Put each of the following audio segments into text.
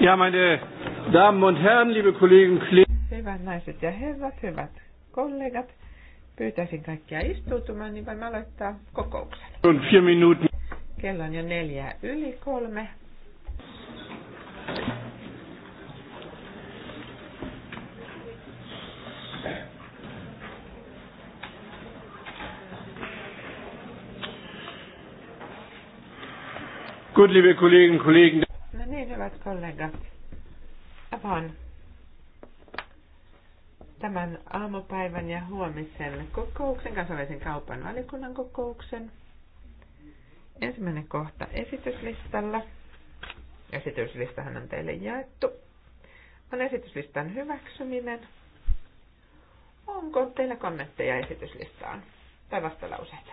Ja, meine Damen und Herren, liebe Kollegen Hyvät naiset ja herrat, hyvät kollegat, pyytäisin kaikkia istuutumaan, niin voimme aloittaa kokouksen. On vier minuutin. Kello on jo neljä yli kolme. Gut, liebe Kolleginnen und Kollegen kollegat, avaan tämän aamupäivän ja huomisen kokouksen, kansainvälisen kaupan valikunnan kokouksen. Ensimmäinen kohta esityslistalla. Esityslistahan on teille jaettu. On esityslistan hyväksyminen. Onko teillä kommentteja esityslistaan tai vastalauseita?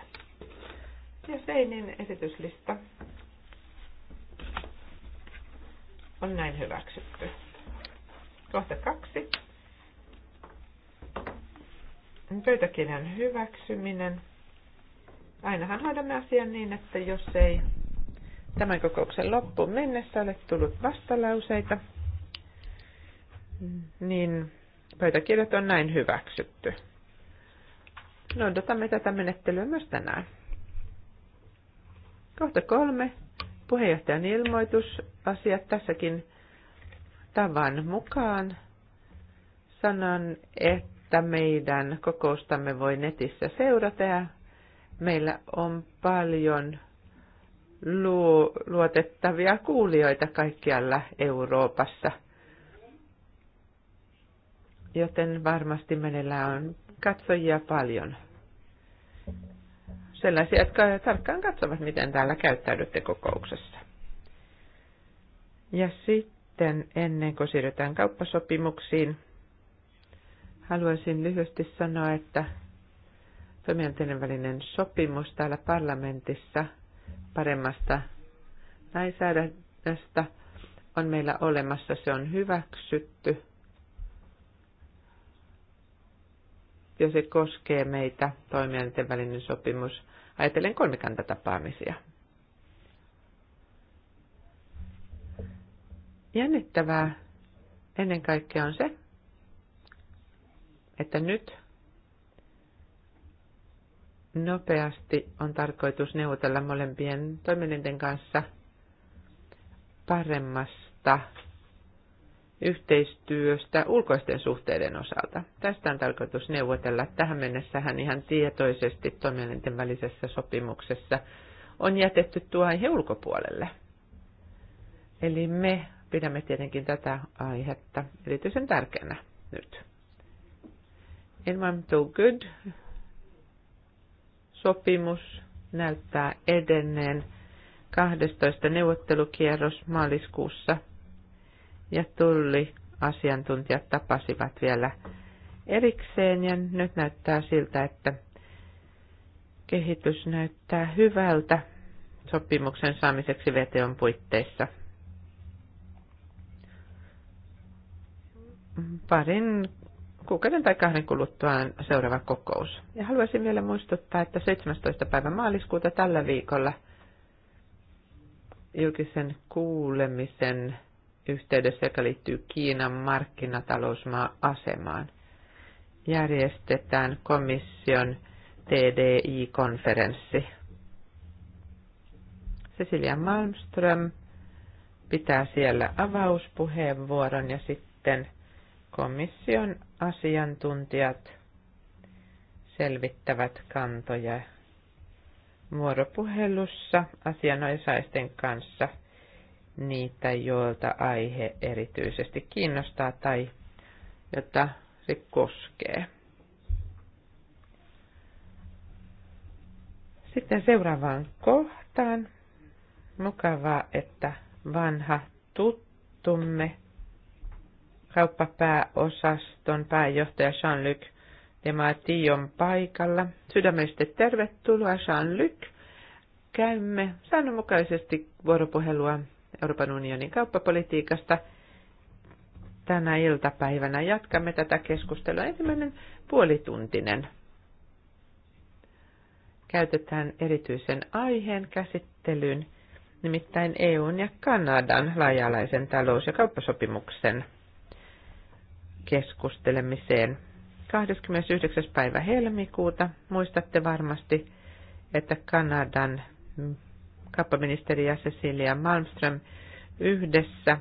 Jos ei, niin esityslista on näin hyväksytty. Kohta kaksi. Pöytäkirjan hyväksyminen. Ainahan hoidamme asian niin, että jos ei tämän kokouksen loppuun mennessä ole tullut vastalauseita, niin pöytäkirjat on näin hyväksytty. Noudatamme tätä menettelyä myös tänään. Kohta kolme. Puheenjohtajan ilmoitusasiat tässäkin tavan mukaan. Sanon, että meidän kokoustamme voi netissä seurata ja meillä on paljon luotettavia kuulijoita kaikkialla Euroopassa. Joten varmasti meillä on katsojia paljon sellaisia, jotka tarkkaan katsovat, miten täällä käyttäydytte kokouksessa. Ja sitten ennen kuin siirrytään kauppasopimuksiin, haluaisin lyhyesti sanoa, että toimijoiden välinen sopimus täällä parlamentissa paremmasta lainsäädännöstä on meillä olemassa. Se on hyväksytty ja se koskee meitä, toimijoiden välinen sopimus – ajatellen kolmikantatapaamisia. Jännittävää ennen kaikkea on se, että nyt nopeasti on tarkoitus neuvotella molempien toimielinten kanssa paremmasta yhteistyöstä ulkoisten suhteiden osalta. Tästä on tarkoitus neuvotella. Tähän mennessähän ihan tietoisesti toimielinten välisessä sopimuksessa on jätetty tuo aihe ulkopuolelle. Eli me pidämme tietenkin tätä aihetta erityisen tärkeänä nyt. Ilman Too Good sopimus näyttää edenneen 12. neuvottelukierros maaliskuussa – ja asiantuntijat tapasivat vielä erikseen ja nyt näyttää siltä, että kehitys näyttää hyvältä sopimuksen saamiseksi VTOn puitteissa. Parin kuukauden tai kahden kuluttua on seuraava kokous. Ja haluaisin vielä muistuttaa, että 17. päivä maaliskuuta tällä viikolla julkisen kuulemisen yhteydessä, joka liittyy Kiinan markkinatalousmaa-asemaan. Järjestetään komission TDI-konferenssi. Cecilia Malmström pitää siellä avauspuheenvuoron ja sitten komission asiantuntijat selvittävät kantoja vuoropuhelussa asianosaisten kanssa – niitä, joilta aihe erityisesti kiinnostaa tai jota se koskee. Sitten seuraavaan kohtaan. Mukavaa, että vanha tuttumme, kauppapääosaston pääjohtaja Jean-Luc Demati on paikalla. Sydämellisesti tervetuloa Jean-Luc. Käymme säännönmukaisesti vuoropuhelua Euroopan unionin kauppapolitiikasta. Tänä iltapäivänä jatkamme tätä keskustelua. Ensimmäinen puolituntinen käytetään erityisen aiheen käsittelyyn, nimittäin EUn ja Kanadan laajalaisen talous- ja kauppasopimuksen keskustelemiseen. 29. päivä helmikuuta muistatte varmasti, että Kanadan kauppaministeri ja Cecilia Malmström yhdessä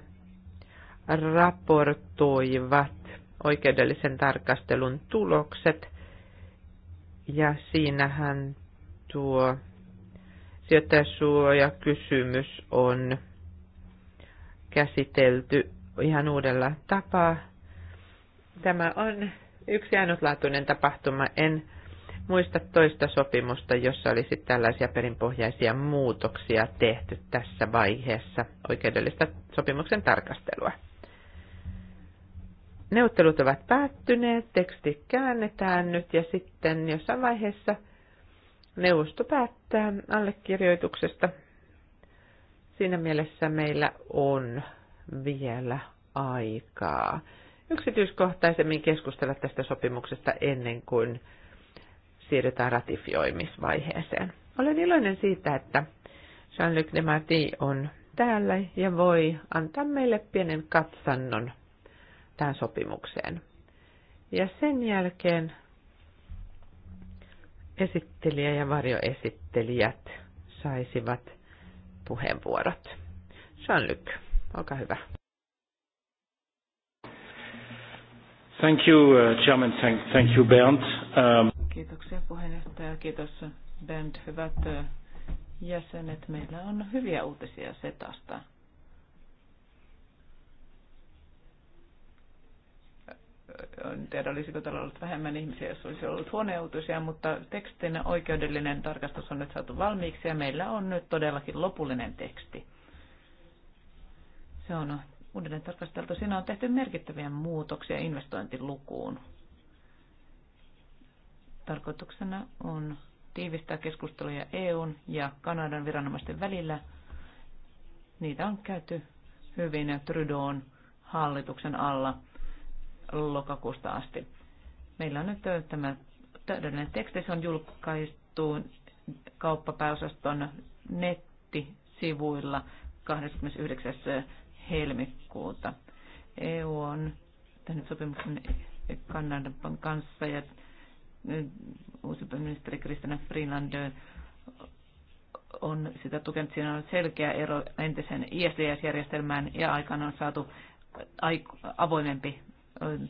raportoivat oikeudellisen tarkastelun tulokset. Ja siinähän tuo sijoittajasuojakysymys on käsitelty ihan uudella tapaa. Tämä on yksi ainutlaatuinen tapahtuma. En muista toista sopimusta, jossa olisi tällaisia perinpohjaisia muutoksia tehty tässä vaiheessa oikeudellista sopimuksen tarkastelua. Neuvottelut ovat päättyneet, teksti käännetään nyt ja sitten jossain vaiheessa neuvosto päättää allekirjoituksesta. Siinä mielessä meillä on vielä aikaa yksityiskohtaisemmin keskustella tästä sopimuksesta ennen kuin siirrytään ratifioimisvaiheeseen. Olen iloinen siitä, että Jean-Luc Demarty on täällä ja voi antaa meille pienen katsannon tähän sopimukseen. Ja sen jälkeen esittelijä ja varjoesittelijät saisivat puheenvuorot. Jean-Luc, olkaa hyvä. Thank you, uh, Chairman. Thank, thank you, Bernd. Um... Kiitoksia puheenjohtaja. Kiitos Bent. Hyvät jäsenet, meillä on hyviä uutisia setasta. En tiedä, olisiko täällä ollut vähemmän ihmisiä, jos olisi ollut huoneuutisia, mutta tekstin oikeudellinen tarkastus on nyt saatu valmiiksi ja meillä on nyt todellakin lopullinen teksti. Se on uudelleen tarkasteltu. Siinä on tehty merkittäviä muutoksia investointilukuun. Tarkoituksena on tiivistää keskusteluja EUn ja Kanadan viranomaisten välillä. Niitä on käyty hyvin Trudeau'n hallituksen alla lokakuusta asti. Meillä on nyt tämä täydellinen teksti, se on julkaistu kauppapääosaston nettisivuilla 29. helmikuuta. EU on tehnyt sopimuksen Kanadan kanssa ja Eh, uusi ministeri Kristina Freeland eh, on sitä tukenut. Siinä on selkeä ero entisen ISDS-järjestelmään ja aikaan on saatu avoimempi eh,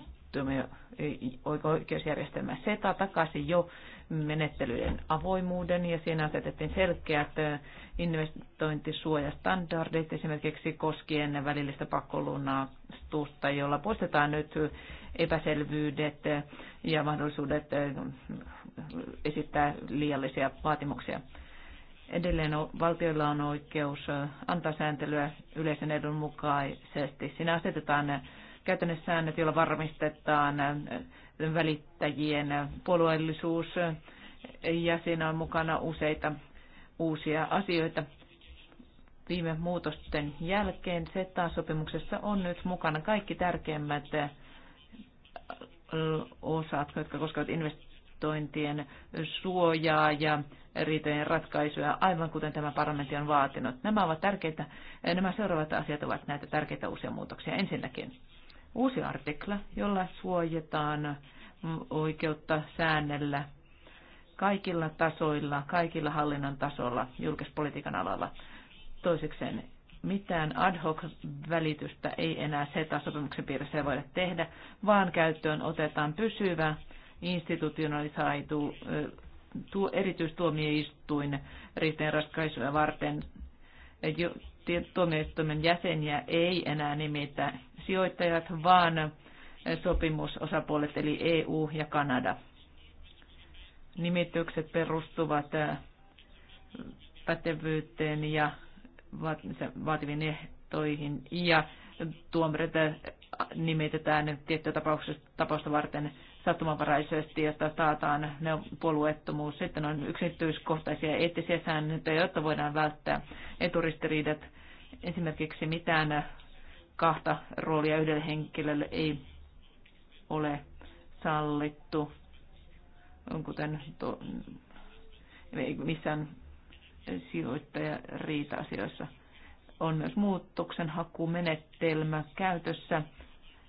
oikeusjärjestelmä SETA takaisin jo menettelyjen avoimuuden ja siinä asetettiin selkeät investointisuojastandardit esimerkiksi koskien välillistä pakkolunastusta, jolla poistetaan nyt epäselvyydet ja mahdollisuudet esittää liiallisia vaatimuksia. Edelleen valtioilla on oikeus antaa sääntelyä yleisen edun mukaisesti. Siinä asetetaan käytännön säännöt, joilla varmistetaan välittäjien puolueellisuus ja siinä on mukana useita uusia asioita. Viime muutosten jälkeen SETA-sopimuksessa on nyt mukana kaikki tärkeimmät osat, jotka koskevat investointien suojaa ja riitojen ratkaisuja, aivan kuten tämä parlamentti on vaatinut. Nämä ovat tärkeitä, nämä seuraavat asiat ovat näitä tärkeitä uusia muutoksia. Ensinnäkin uusi artikla, jolla suojataan oikeutta säännellä kaikilla tasoilla, kaikilla hallinnan tasolla, julkispolitiikan alalla. Toisekseen mitään ad hoc välitystä ei enää SETA-sopimuksen piirissä voida tehdä, vaan käyttöön otetaan pysyvä institutionalisaitu erityistuomioistuin riiteen ratkaisuja varten tuomioistuimen jäseniä ei enää nimitä sijoittajat, vaan sopimusosapuolet eli EU ja Kanada. Nimitykset perustuvat äh, pätevyyteen ja vaativiin ehtoihin ja tuomareita äh, nimitetään tiettyä tapausta varten sattumanvaraisesti, jotta taataan ne puolueettomuus. Sitten on yksityiskohtaisia eettisiä sääntöjä, jotta voidaan välttää eturistiriidat Esimerkiksi mitään kahta roolia yhdelle henkilölle ei ole sallittu, kuten to, missään sijoittaja riita-asioissa. On myös muutoksen hakumenetelmä käytössä,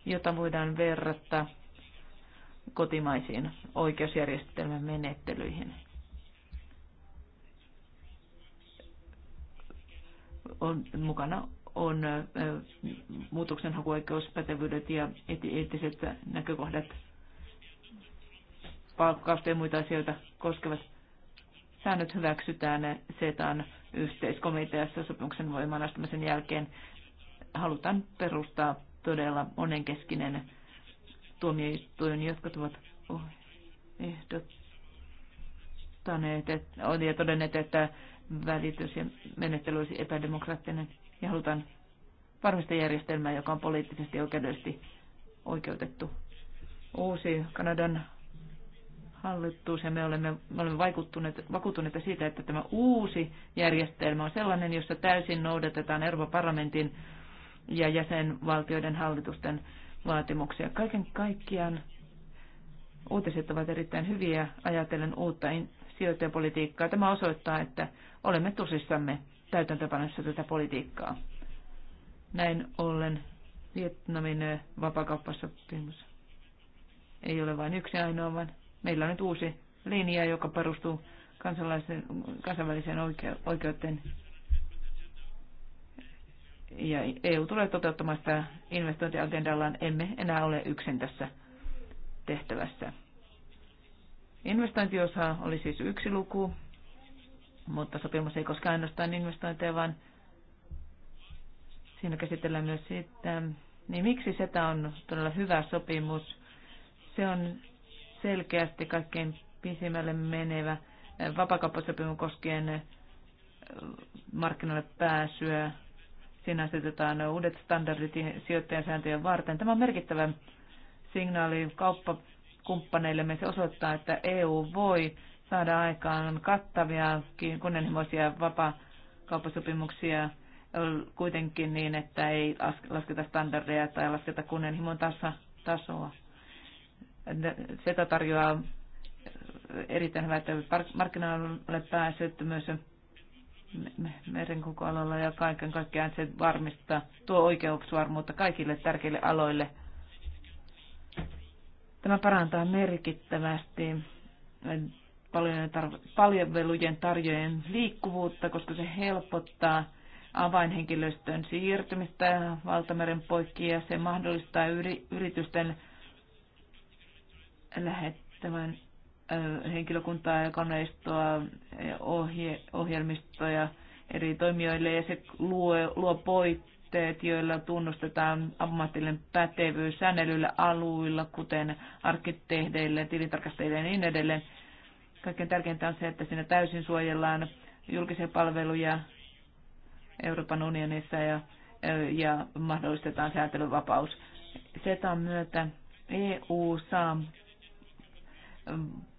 jota voidaan verrata kotimaisiin oikeusjärjestelmän menettelyihin. on, mukana on muutoksenhakuoikeus, pätevyydet ja eettiset näkökohdat, palkkausta ja muita asioita koskevat säännöt hyväksytään SETAn yhteiskomiteassa sopimuksen voimaan astumisen jälkeen. Halutaan perustaa todella monenkeskinen tuomioistuin, jotka ovat ehdottaneet että, ja todenneet, että välitys ja menettely olisi epädemokraattinen ja halutaan varmistaa järjestelmää, joka on poliittisesti oikeudellisesti oikeutettu. Uusi Kanadan hallitus ja me olemme, me olemme vaikuttuneet, vakuuttuneita siitä, että tämä uusi järjestelmä on sellainen, jossa täysin noudatetaan Euroopan parlamentin ja jäsenvaltioiden hallitusten vaatimuksia. Kaiken kaikkiaan uutiset ovat erittäin hyviä ajatellen uutta sijoittajapolitiikkaa. Tämä osoittaa, että olemme tosissamme täytäntöpanossa tätä politiikkaa. Näin ollen Vietnamin vapakauppasopimus ei ole vain yksi ainoa, vaan meillä on nyt uusi linja, joka perustuu kansainväliseen oikeuteen. Ja EU tulee toteuttamaan sitä investointiagendallaan. Emme enää ole yksin tässä tehtävässä. Investointiosa oli siis yksi luku, mutta sopimus ei koskaan ainoastaan investointeja, vaan siinä käsitellään myös sitä, niin miksi SETA on todella hyvä sopimus. Se on selkeästi kaikkein pisimmälle menevä vapakauppasopimus koskien eh, markkinoille pääsyä. Siinä asetetaan uudet standardit sääntöjen varten. Tämä on merkittävä signaali kauppa kumppaneillemme. Se osoittaa, että EU voi saada aikaan kattavia, kunnianhimoisia vapaa-kauppasopimuksia eh, kuitenkin niin, että ei lasketa standardeja tai lasketa kunnianhimon tasoa. SETA tarjoaa eh, erittäin hyvät markkinoille pääsyt myös alalla ja kaiken kaikkiaan se varmistaa, tuo oikeusvarmuutta kaikille tärkeille aloille Tämä parantaa merkittävästi palvelujen tarjojen liikkuvuutta, koska se helpottaa avainhenkilöstön siirtymistä valtameren poikki ja se mahdollistaa yritysten lähettävän henkilökuntaa ja koneistoa, ohje, ohjelmistoja eri toimijoille ja se luo, luo poikki puitteet, joilla tunnustetaan ammatillinen pätevyys säännellyillä aluilla, kuten arkkitehdeille, tilintarkastajille ja niin edelleen. Kaikkein tärkeintä on se, että siinä täysin suojellaan julkisia palveluja Euroopan unionissa ja, ja mahdollistetaan säätelyvapaus. SETAn myötä EU saa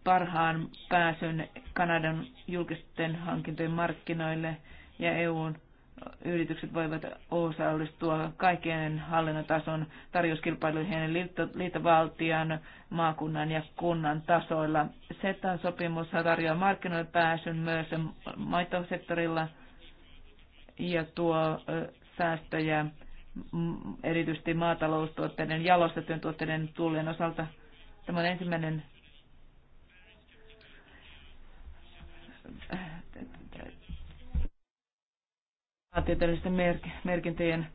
parhaan pääsyn Kanadan julkisten hankintojen markkinoille ja EUn yritykset voivat osallistua kaikkien hallinnotason tarjouskilpailuihin liittovaltion, maakunnan ja kunnan tasoilla. SETA-sopimus tarjoaa markkinoille pääsyn myös maitosektorilla ja tuo säästöjä mm, erityisesti maataloustuotteiden jalostettujen tuotteiden tullien osalta. Tämä on ensimmäinen maantieteellisten merkintöjen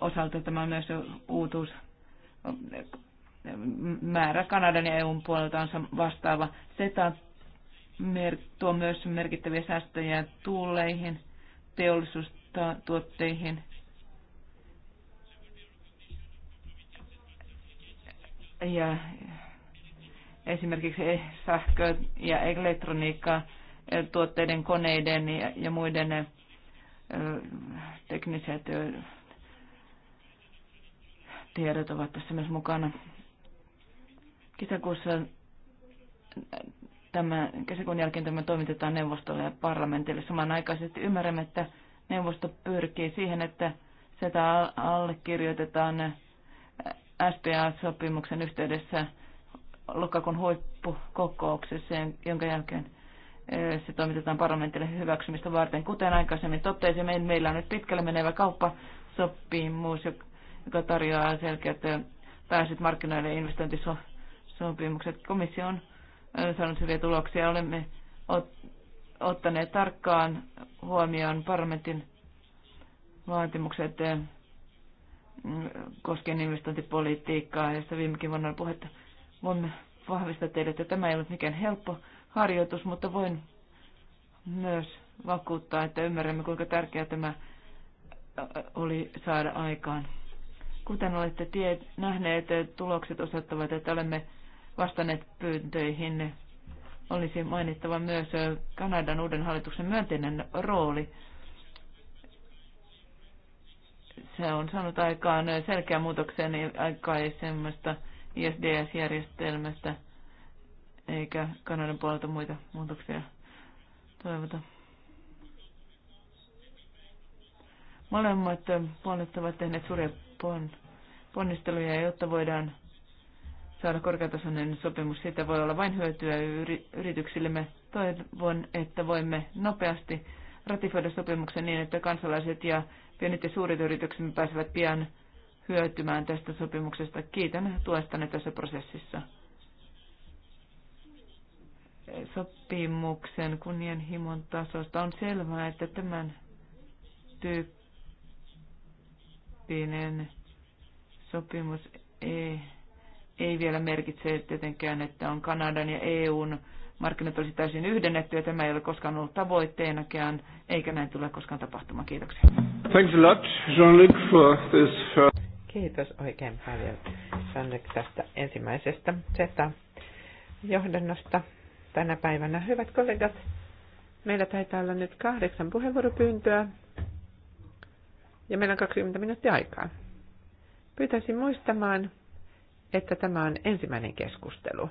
osalta tämä on myös uutuus. Määrä Kanadan ja EUn puolelta on vastaava. SETA tuo myös merkittäviä säästöjä tuuleihin teollisuustuotteihin, ja esimerkiksi sähkö- ja elektroniikka tuotteiden, koneiden ja, ja muiden tekniset tiedot ovat tässä myös mukana. Kesäkuussa tämä, kesäkuun jälkeen tämä toimitetaan neuvostolle ja parlamentille. Samanaikaisesti ymmärrämme, että neuvosto pyrkii siihen, että sitä allekirjoitetaan SPA-sopimuksen yhteydessä lokakuun huippukokouksessa, jonka jälkeen se toimitetaan parlamentille hyväksymistä varten. Kuten aikaisemmin totesin, meillä on nyt pitkälle menevä kauppasopimus, joka tarjoaa selkeät pääsyt markkinoille investointisopimukset. Komissio on saanut hyviä tuloksia. Olemme ottaneet tarkkaan huomioon parlamentin vaatimukset koskien investointipolitiikkaa, josta viimekin vuonna oli puhetta. Voimme vahvistaa teille, että tämä ei ollut mikään helppo harjoitus, mutta voin myös vakuuttaa, että ymmärrämme, kuinka tärkeää tämä äh, oli saada aikaan. Kuten olette tiet, nähneet, tulokset osoittavat, että olemme vastanneet pyyntöihin. Olisi mainittava myös äh, Kanadan uuden hallituksen myönteinen rooli. Se on saanut aikaan selkeän muutoksen aikaisemmasta ISDS-järjestelmästä – eikä Kanadan puolelta muita muutoksia toivota. Molemmat puolet ovat tehneet suuria ponnisteluja, jotta voidaan saada korkeatasoinen sopimus. Siitä voi olla vain hyötyä yrityksillemme. Toivon, että voimme nopeasti ratifoida sopimuksen niin, että kansalaiset ja pienet ja suuret yrityksemme pääsevät pian hyötymään tästä sopimuksesta. Kiitän tuestanne tässä prosessissa sopimuksen kunnianhimon tasosta. On selvää, että tämän tyyppinen sopimus ei, ei vielä merkitse tietenkään, että on Kanadan ja EUn markkinat olisi täysin yhdennetty ja tämä ei ole koskaan ollut tavoitteenakään, eikä näin tule koskaan tapahtumaan. Kiitoksia. Thanks a lot, Jean-Luc, for this first... Uh, Kiitos oikein paljon, Jean-Luc, tästä ensimmäisestä z johdannosta tänä päivänä. Hyvät kollegat, meillä taitaa olla nyt kahdeksan puheenvuoropyyntöä ja meillä on 20 minuuttia aikaa. Pyytäisin muistamaan, että tämä on ensimmäinen keskustelu.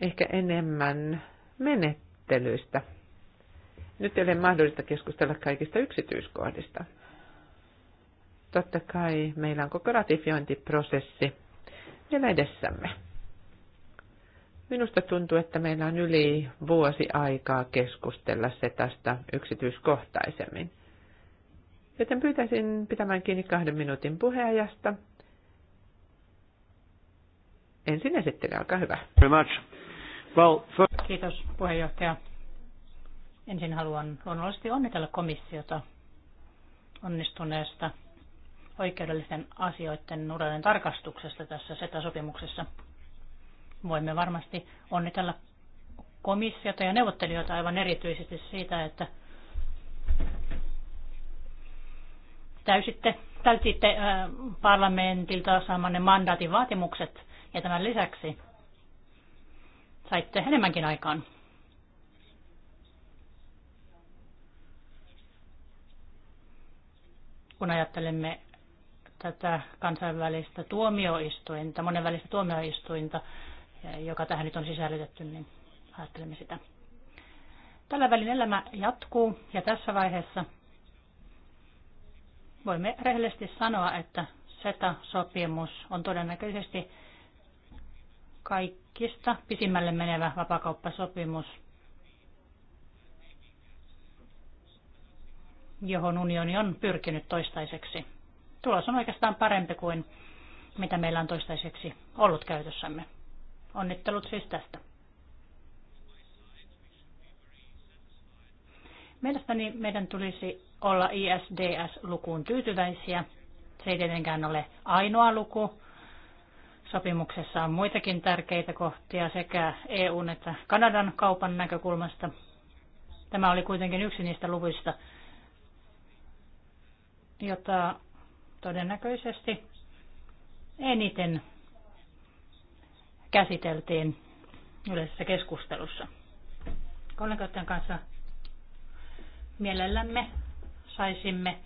Ehkä enemmän menettelyistä. Nyt ei ole mahdollista keskustella kaikista yksityiskohdista. Totta kai meillä on koko ratifiointiprosessi vielä edessämme. Minusta tuntuu, että meillä on yli vuosi aikaa keskustella se tästä yksityiskohtaisemmin. Joten pyytäisin pitämään kiinni kahden minuutin puheajasta. Ensin esittely, olkaa hyvä. Kiitos puheenjohtaja. Ensin haluan luonnollisesti onnitella komissiota onnistuneesta oikeudellisten asioiden uudelleen tarkastuksesta tässä SETA-sopimuksessa. Voimme varmasti onnitella komissiota ja neuvottelijoita aivan erityisesti siitä, että täysitte, täytitte äh, parlamentilta saamanne mandaatin vaatimukset ja tämän lisäksi saitte enemmänkin aikaan. Kun ajattelemme tätä kansainvälistä tuomioistuinta, monenvälistä tuomioistuinta, Eh, joka tähän nyt on sisällytetty, niin ajattelemme sitä. Tällä välin elämä jatkuu ja tässä vaiheessa voimme rehellisesti sanoa, että SETA-sopimus on todennäköisesti kaikista pisimmälle menevä vapakauppasopimus, johon unioni on pyrkinyt toistaiseksi. Tulos on oikeastaan parempi kuin mitä meillä on toistaiseksi ollut käytössämme. Onnittelut siis tästä. Mielestäni meidän tulisi olla ISDS-lukuun tyytyväisiä. Se ei tietenkään ole ainoa luku. Sopimuksessa on muitakin tärkeitä kohtia sekä EUn että Kanadan kaupan näkökulmasta. Tämä oli kuitenkin yksi niistä luvuista, jota todennäköisesti eniten käsiteltiin yleisessä keskustelussa. Kollegoiden kanssa mielellämme saisimme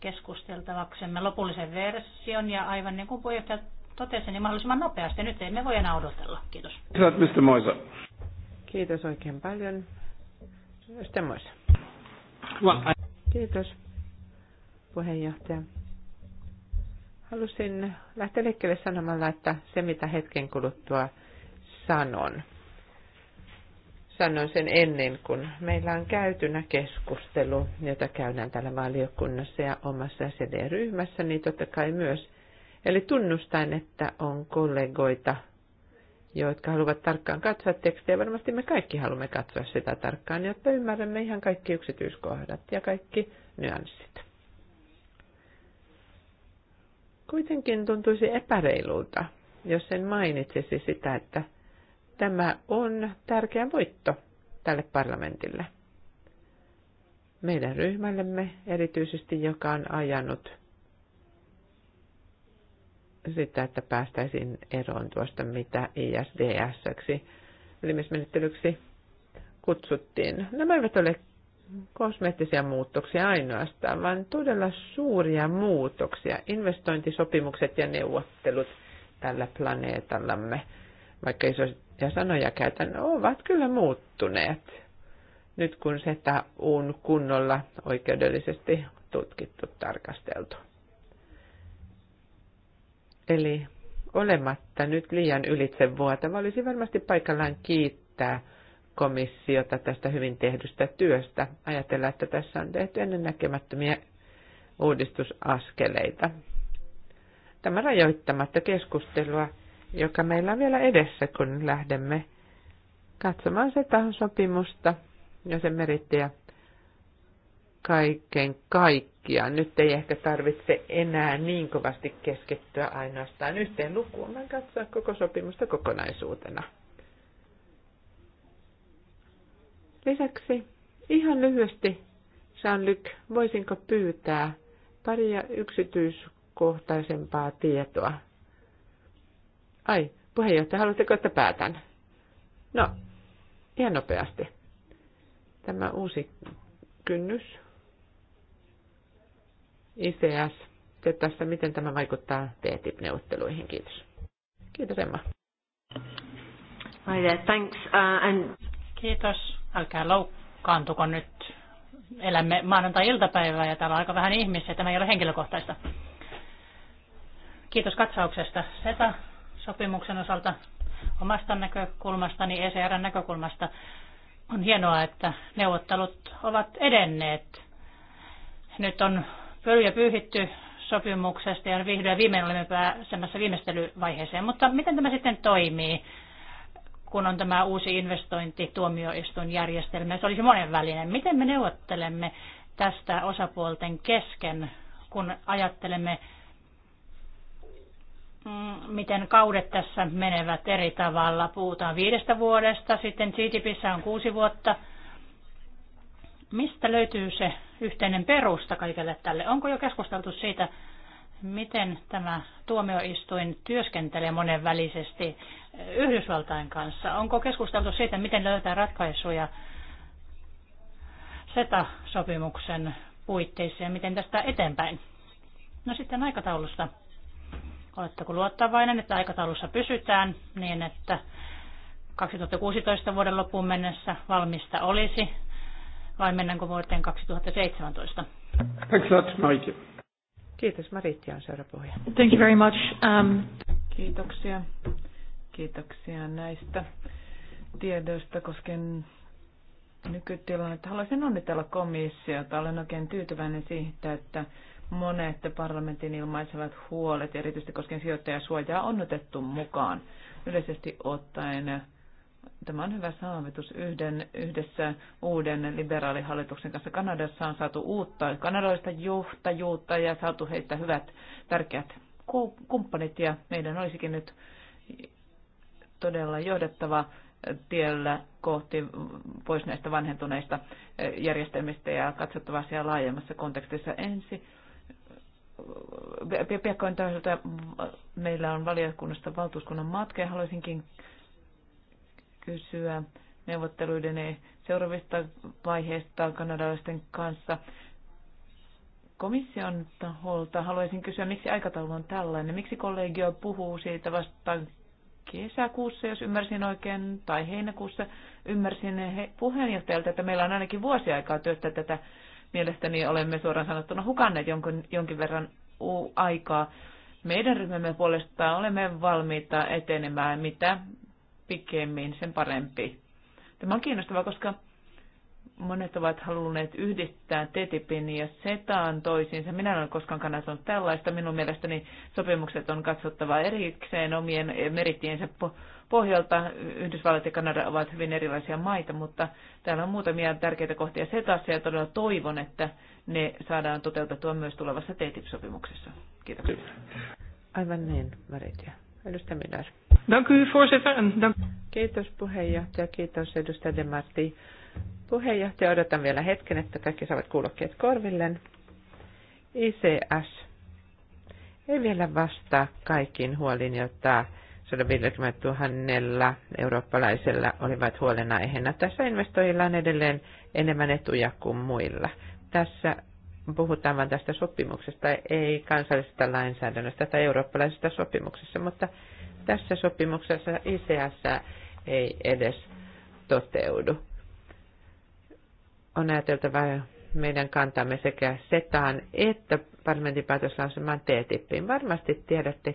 keskusteltavaksemme lopullisen version ja aivan niin kuin puheenjohtaja totesi, niin mahdollisimman nopeasti. Nyt emme voi enää odotella. Kiitos. Kiitos, Mr. Moisa. Kiitos oikein paljon. Mr. Moisa. Kiitos, puheenjohtaja. Halusin lähteä liikkeelle sanomalla, että se mitä hetken kuluttua sanon, sanon sen ennen kuin meillä on käytynä keskustelu, jota käydään täällä valiokunnassa ja omassa CD-ryhmässä, niin totta kai myös. Eli tunnustan, että on kollegoita, jotka haluavat tarkkaan katsoa tekstejä. Varmasti me kaikki haluamme katsoa sitä tarkkaan, jotta ymmärrämme ihan kaikki yksityiskohdat ja kaikki nyanssit. Kuitenkin tuntuisi epäreilulta, jos en mainitsisi sitä, että tämä on tärkeä voitto tälle parlamentille. Meidän ryhmällemme erityisesti, joka on ajanut sitä, että päästäisiin eroon tuosta, mitä isds ksi kutsuttiin. Nämä eivät ole kosmeettisia muutoksia ainoastaan, vaan todella suuria muutoksia. Investointisopimukset ja neuvottelut tällä planeetallamme, vaikka isoja sanoja käytän, ovat kyllä muuttuneet. Nyt kun sitä on kunnolla oikeudellisesti tutkittu, tarkasteltu. Eli olematta nyt liian ylitse vuotava olisi varmasti paikallaan kiittää – komissiota tästä hyvin tehdystä työstä. Ajatellaan, että tässä on tehty ennennäkemättömiä uudistusaskeleita. Tämä rajoittamatta keskustelua, joka meillä on vielä edessä, kun lähdemme katsomaan sitä sopimusta ja sen merittäjä kaiken kaikkiaan. Nyt ei ehkä tarvitse enää niin kovasti keskittyä ainoastaan yhteen lukuun, vaan katsoa koko sopimusta kokonaisuutena. Lisäksi ihan lyhyesti, jean lyk voisinko pyytää paria yksityiskohtaisempaa tietoa? Ai, puheenjohtaja, haluatteko, että päätän? No, ihan nopeasti. Tämä uusi kynnys, ICS, te tässä, miten tämä vaikuttaa TTIP-neuvotteluihin. Kiitos. Kiitos Emma. Hi there, thanks. Uh, and... Kiitos. Älkää loukkaantuko nyt. Elämme maanantai-iltapäivää ja täällä on aika vähän ihmisiä. Tämä ei ole henkilökohtaista. Kiitos katsauksesta SETA-sopimuksen osalta omasta näkökulmastani, ECRn näkökulmasta. On hienoa, että neuvottelut ovat edenneet. Nyt on pölyjä pyyhitty sopimuksesta ja vihdoin viimein olemme pääsemässä viimeistelyvaiheeseen. Mutta miten tämä sitten toimii? kun on tämä uusi investointi investointituomioistuinjärjestelmä. Se olisi monenvälinen. Miten me neuvottelemme tästä osapuolten kesken, kun ajattelemme, mm, miten kaudet tässä menevät eri tavalla. Puhutaan viidestä vuodesta, sitten GDPissä on kuusi vuotta. Mistä löytyy se yhteinen perusta kaikelle tälle? Onko jo keskusteltu siitä, miten tämä tuomioistuin työskentelee monenvälisesti Yhdysvaltain kanssa? Onko keskusteltu siitä, miten löytää ratkaisuja SETA-sopimuksen puitteissa ja miten tästä eteenpäin? No sitten aikataulusta. Oletteko luottavainen, että aikataulussa pysytään niin, että 2016 vuoden loppuun mennessä valmista olisi vai mennäänkö vuoteen 2017? Thanks a lot, Mike. Kiitos. Maritia on seuraava puhuja. Thank you very much. Um, kiitoksia. Kiitoksia näistä tiedoista koskien nykytilannetta. Haluaisin onnitella komissiota. Olen oikein tyytyväinen siitä, että monet parlamentin ilmaisevat huolet, erityisesti koskien sijoittajasuojaa, on otettu mukaan. Yleisesti ottaen Tämä on hyvä saavutus yhden, yhdessä uuden liberaalihallituksen kanssa. Kanadassa on saatu uutta kanadalaista johtajuutta ja saatu heistä hyvät, tärkeät kumppanit ja meidän olisikin nyt todella johdettava tiellä kohti pois näistä vanhentuneista eh, järjestelmistä ja katsottava asiaa laajemmassa kontekstissa ensi. Eh, piakkoin täysiltä eh, meillä on valiokunnasta valtuuskunnan matka ja haluaisinkin kysyä neuvotteluiden seuraavista vaiheista kanadalaisten kanssa. Komission taholta haluaisin kysyä, miksi aikataulu on tällainen? Miksi kollegio puhuu siitä vasta kesäkuussa, jos ymmärsin oikein, tai heinäkuussa? Ymmärsin he, puheenjohtajalta, että meillä on ainakin vuosi aikaa työstää tätä. Mielestäni olemme suoraan sanottuna hukanneet jonkin, jonkin verran aikaa. Meidän ryhmämme puolestaan olemme valmiita etenemään mitä pikemmin, sen parempi. Tämä on kiinnostavaa, koska monet ovat halunneet yhdistää TTIPin ja SETAan toisiinsa. Minä en ole koskaan kannattanut tällaista. Minun mielestäni sopimukset on katsottava erikseen omien merittiensä pohjalta. Yhdysvallat ja Kanada ovat hyvin erilaisia maita, mutta täällä on muutamia tärkeitä kohtia SETAssa ja todella toivon, että ne saadaan toteutettua myös tulevassa TTIP-sopimuksessa. Kiitoksia. Aivan niin, Maritia. ja edustaja Dank u voorzitter. En dank... Kiitos puheenjohtaja, kiitos edustaja Demarti. Puheenjohtaja, odotan vielä hetken, että kaikki saavat kuulokkeet korvilleen. ICS ei vielä vastaa kaikkiin huoliin, jotta 150 000 eurooppalaisella olivat huolenaiheena. Tässä investoijilla on edelleen enemmän etuja kuin muilla. Tässä puhutaan vain tästä sopimuksesta, ei kansallisesta lainsäädännöstä tai eurooppalaisesta sopimuksesta, mutta tässä sopimuksessa ICS ei edes toteudu. On ajateltava meidän kantamme sekä SETAan että parlamentin päätöslausemaan TTIPiin. Varmasti tiedätte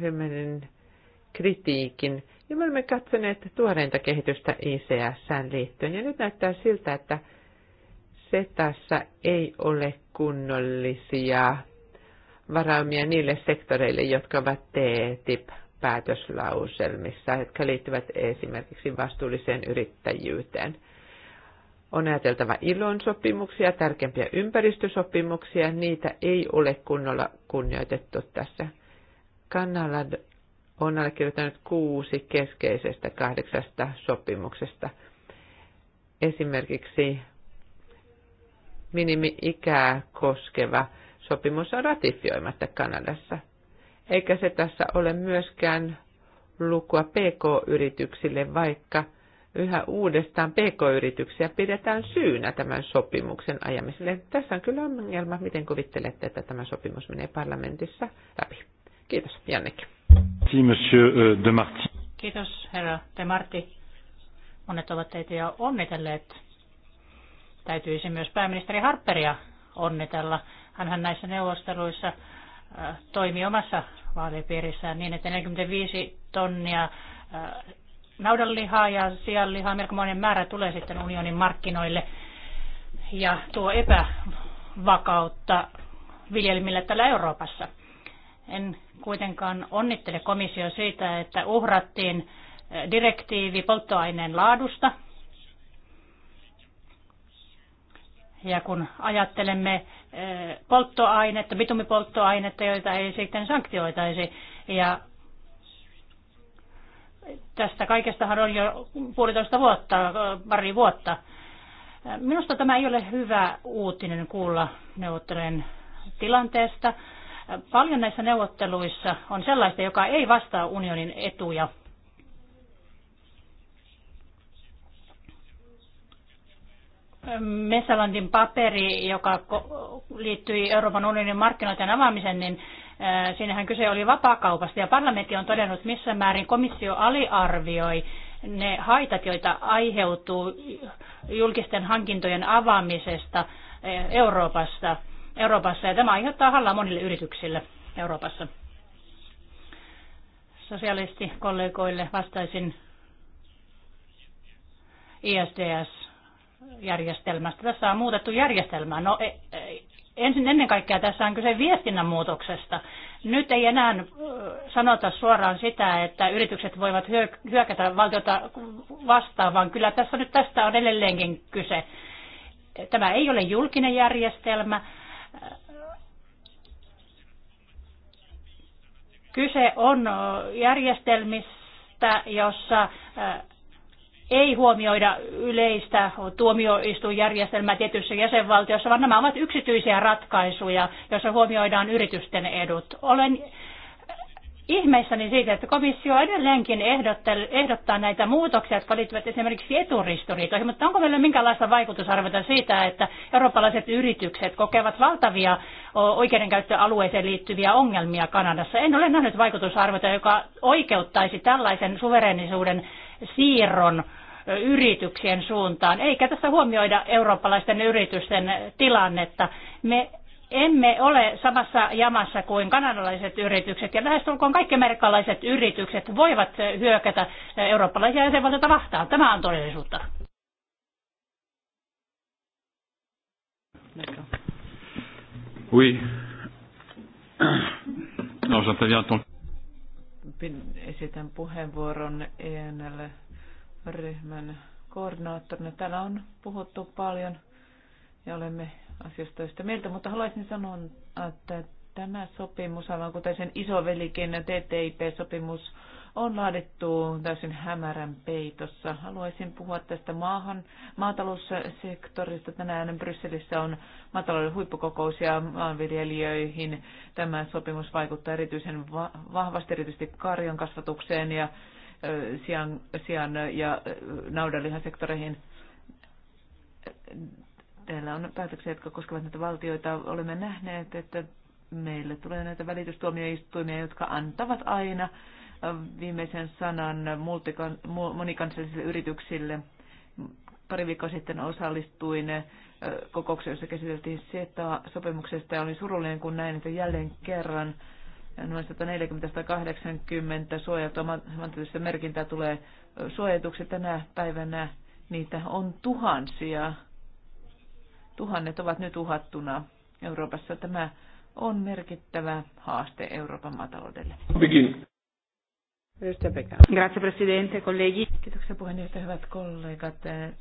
hymmenen kritiikin. Ja me olemme katsoneet tuoreinta kehitystä ICSään liittyen. Ja nyt näyttää siltä, että SETAssa ei ole kunnollisia varaumia niille sektoreille, jotka ovat TTIP-päätöslauselmissa, jotka liittyvät esimerkiksi vastuulliseen yrittäjyyteen. On ajateltava ilon sopimuksia, tärkeimpiä ympäristösopimuksia, niitä ei ole kunnolla kunnioitettu tässä. Kannalla on allekirjoittanut kuusi keskeisestä kahdeksasta sopimuksesta. Esimerkiksi minimi-ikää koskeva sopimus on ratifioimatta Kanadassa. Eikä se tässä ole myöskään lukua PK-yrityksille, vaikka yhä uudestaan PK-yrityksiä pidetään syynä tämän sopimuksen ajamiselle. Tässä on kyllä ongelma, miten kuvittelette, että tämä sopimus menee parlamentissa läpi. Kiitos, Jannik. Euh, Kiitos, herra De Marti. Monet ovat teitä jo onnitelleet. Täytyisi myös pääministeri Harperia onnitella. Hänhän näissä neuvosteluissa toimi omassa vaalipiirissään niin, että 45 tonnia naudanlihaa ja sianlihaa, melkoinen määrä tulee sitten unionin markkinoille. Ja tuo epävakautta viljelmille täällä Euroopassa. En kuitenkaan onnittele komissio siitä, että uhrattiin direktiivi polttoaineen laadusta. Ja kun ajattelemme polttoainetta, bitumipolttoainetta, joita ei sitten sanktioitaisi. Ja tästä kaikestahan on jo puolitoista vuotta, pari vuotta. Minusta tämä ei ole hyvä uutinen kuulla neuvottelujen tilanteesta. Paljon näissä neuvotteluissa on sellaista, joka ei vastaa unionin etuja Messalandin paperi, joka liittyi Euroopan unionin markkinoiden avaamiseen, niin äh, siinähän kyse oli vapaakaupasta ja parlamentti on todennut, missä määrin komissio aliarvioi ne haitat, joita aiheutuu julkisten hankintojen avaamisesta äh, Euroopasta, Euroopassa ja tämä aiheuttaa hallaa monille yrityksille Euroopassa. Sosialistikollegoille vastaisin ISDS järjestelmästä. Tässä on muutettu järjestelmää. No, e, e, ensin ennen kaikkea tässä on kyse viestinnän muutoksesta. Nyt ei enää sanota suoraan sitä, että yritykset voivat hyökätä valtiota vastaan, vaan kyllä tässä nyt tästä on edelleenkin kyse. Tämä ei ole julkinen järjestelmä. Kyse on järjestelmistä, jossa ei huomioida yleistä tuomioistuinjärjestelmää tietyissä jäsenvaltioissa, vaan nämä ovat yksityisiä ratkaisuja, joissa huomioidaan yritysten edut. Olen ihmeissäni siitä, että komissio edelleenkin ehdottaa näitä muutoksia, jotka liittyvät esimerkiksi eturistoriitoihin, mutta onko meillä minkälaista vaikutusarvota siitä, että eurooppalaiset yritykset kokevat valtavia oikeudenkäyttöalueeseen liittyviä ongelmia Kanadassa? En ole nähnyt vaikutusarvota, joka oikeuttaisi tällaisen suverenisuuden siirron yrityksien suuntaan, eikä tässä huomioida eurooppalaisten yritysten tilannetta. Me emme ole samassa jamassa kuin kanadalaiset yritykset, ja lähestulkoon kaikki amerikkalaiset yritykset voivat hyökätä eurooppalaisia jäsenvaltioita vastaan. Tämä on todellisuutta. Oui. Non, j'interviens ton... Esitän puheenvuoron ENL ryhmän koordinaattorina. No, täällä on puhuttu paljon ja olemme asiasta yhtä mieltä, mutta haluaisin sanoa, että tämä sopimus, aivan kuten sen isovelikin TTIP-sopimus, on laadittu täysin hämärän peitossa. Haluaisin puhua tästä maahan, maataloussektorista. Tänään Brysselissä on maatalouden huippukokous ja maanviljelijöihin. Tämä sopimus vaikuttaa erityisen vahvasti erityisesti karjon kasvatukseen ja sian, sian ja naudanlihasektoreihin. Täällä on päätöksiä, jotka koskevat näitä valtioita. Olemme nähneet, että meille tulee näitä välitystuomioistuimia, jotka antavat aina viimeisen sanan monikansallisille yrityksille. Pari viikkoa sitten osallistuin kokoukseen, jossa käsiteltiin SETA-sopimuksesta ja olin surullinen, kun näin, että jälleen kerran noin 140-180 suojautumattomista merkintää tulee suojatuksi tänä päivänä. Niitä on tuhansia. Tuhannet ovat nyt uhattuna Euroopassa. Tämä on merkittävä haaste Euroopan maataloudelle. Begin. Grazie Presidente, colleghi. Kiitoksia puheenjohtaja, hyvät kollegat. Eh,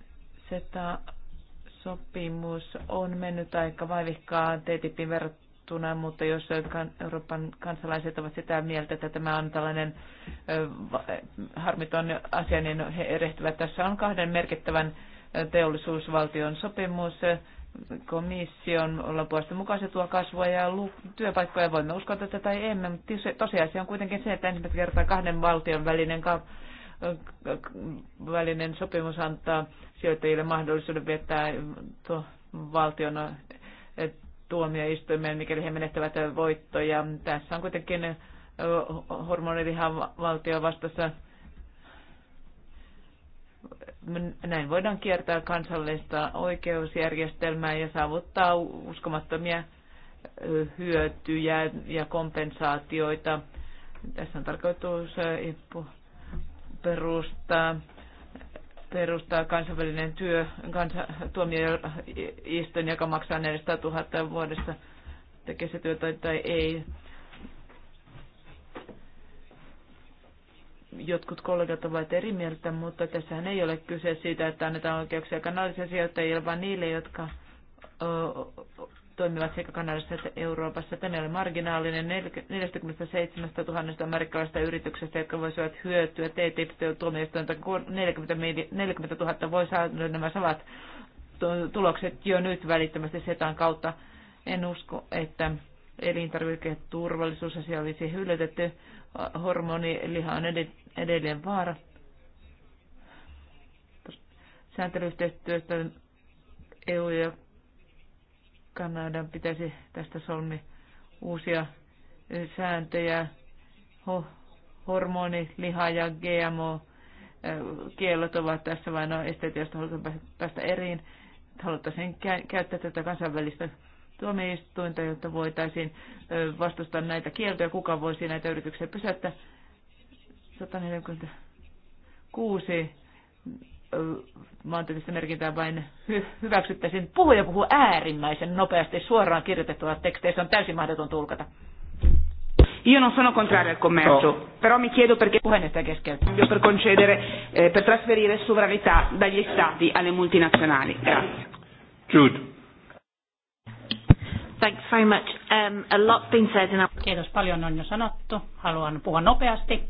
SETA-sopimus on mennyt aika vaivikkaan TTIPin verrattuna katsottuna, mutta jos Euroopan kansalaiset ovat sitä mieltä, että tämä on tällainen harmiton asia, niin he erehtyvät. Tässä on kahden merkittävän teollisuusvaltion sopimus, komission lopuista mukaan se tuo kasvua ja työpaikkoja. Voimme uskoa tätä tai emme, mutta tosiasia on kuitenkin se, että ensimmäistä kertaa kahden valtion välinen välinen sopimus antaa sijoittajille mahdollisuuden viettää valtion tuomioistuimeen, mikäli he menettävät voittoja. Tässä on kuitenkin hormonilihan valtio vastassa. Näin voidaan kiertää kansallista oikeusjärjestelmää ja saavuttaa uskomattomia hyötyjä ja kompensaatioita. Tässä on tarkoitus perustaa perustaa kansainvälinen työ, kansa, tuomioistuin, joka maksaa 400 000 vuodessa, tekee se työtä tai ei. Jotkut kollegat ovat eri mieltä, mutta tässähän ei ole kyse siitä, että annetaan oikeuksia kanallisille sijoittajille, vaan niille, jotka toimivat sekä Kanadassa että Euroopassa. Tänne oli marginaalinen 47 000 amerikkalaisesta yrityksestä, jotka voisivat hyötyä TTIP-tuomioistuinta. 40 000 voi saada nämä samat tulokset jo nyt välittömästi SETAn kautta. En usko, että elintarviketurvallisuusasia olisi hyllytetty. Hormoniliha on edelleen vaara. Sääntelyyhteistyöstä EU ja Kanadan pitäisi tästä solmi uusia sääntöjä. Ho, hormoni, liha ja GMO kiellot ovat tässä vain no, esteet, joista halutaan päästä eriin. Haluttaisiin käyttää tätä kansainvälistä tuomioistuinta, jotta voitaisiin vastustaa näitä kieltoja. Kuka voisi näitä yrityksiä pysäyttää? 146 maantieteellistä merkintää vain hy- hyväksyttäisin. Puhuja puhuu äärimmäisen nopeasti suoraan kirjoitettua se on täysin mahdoton tulkata. Io non sono contrario al commercio, no. però mi chiedo perché puheenjohtaja keskeyttää. per concedere, eh, per trasferire sovranità dagli stati alle multinazionali. Grazie. Jude. Thanks very much. Um, a lot been said and Kiitos paljon on jo sanottu. Haluan puhua nopeasti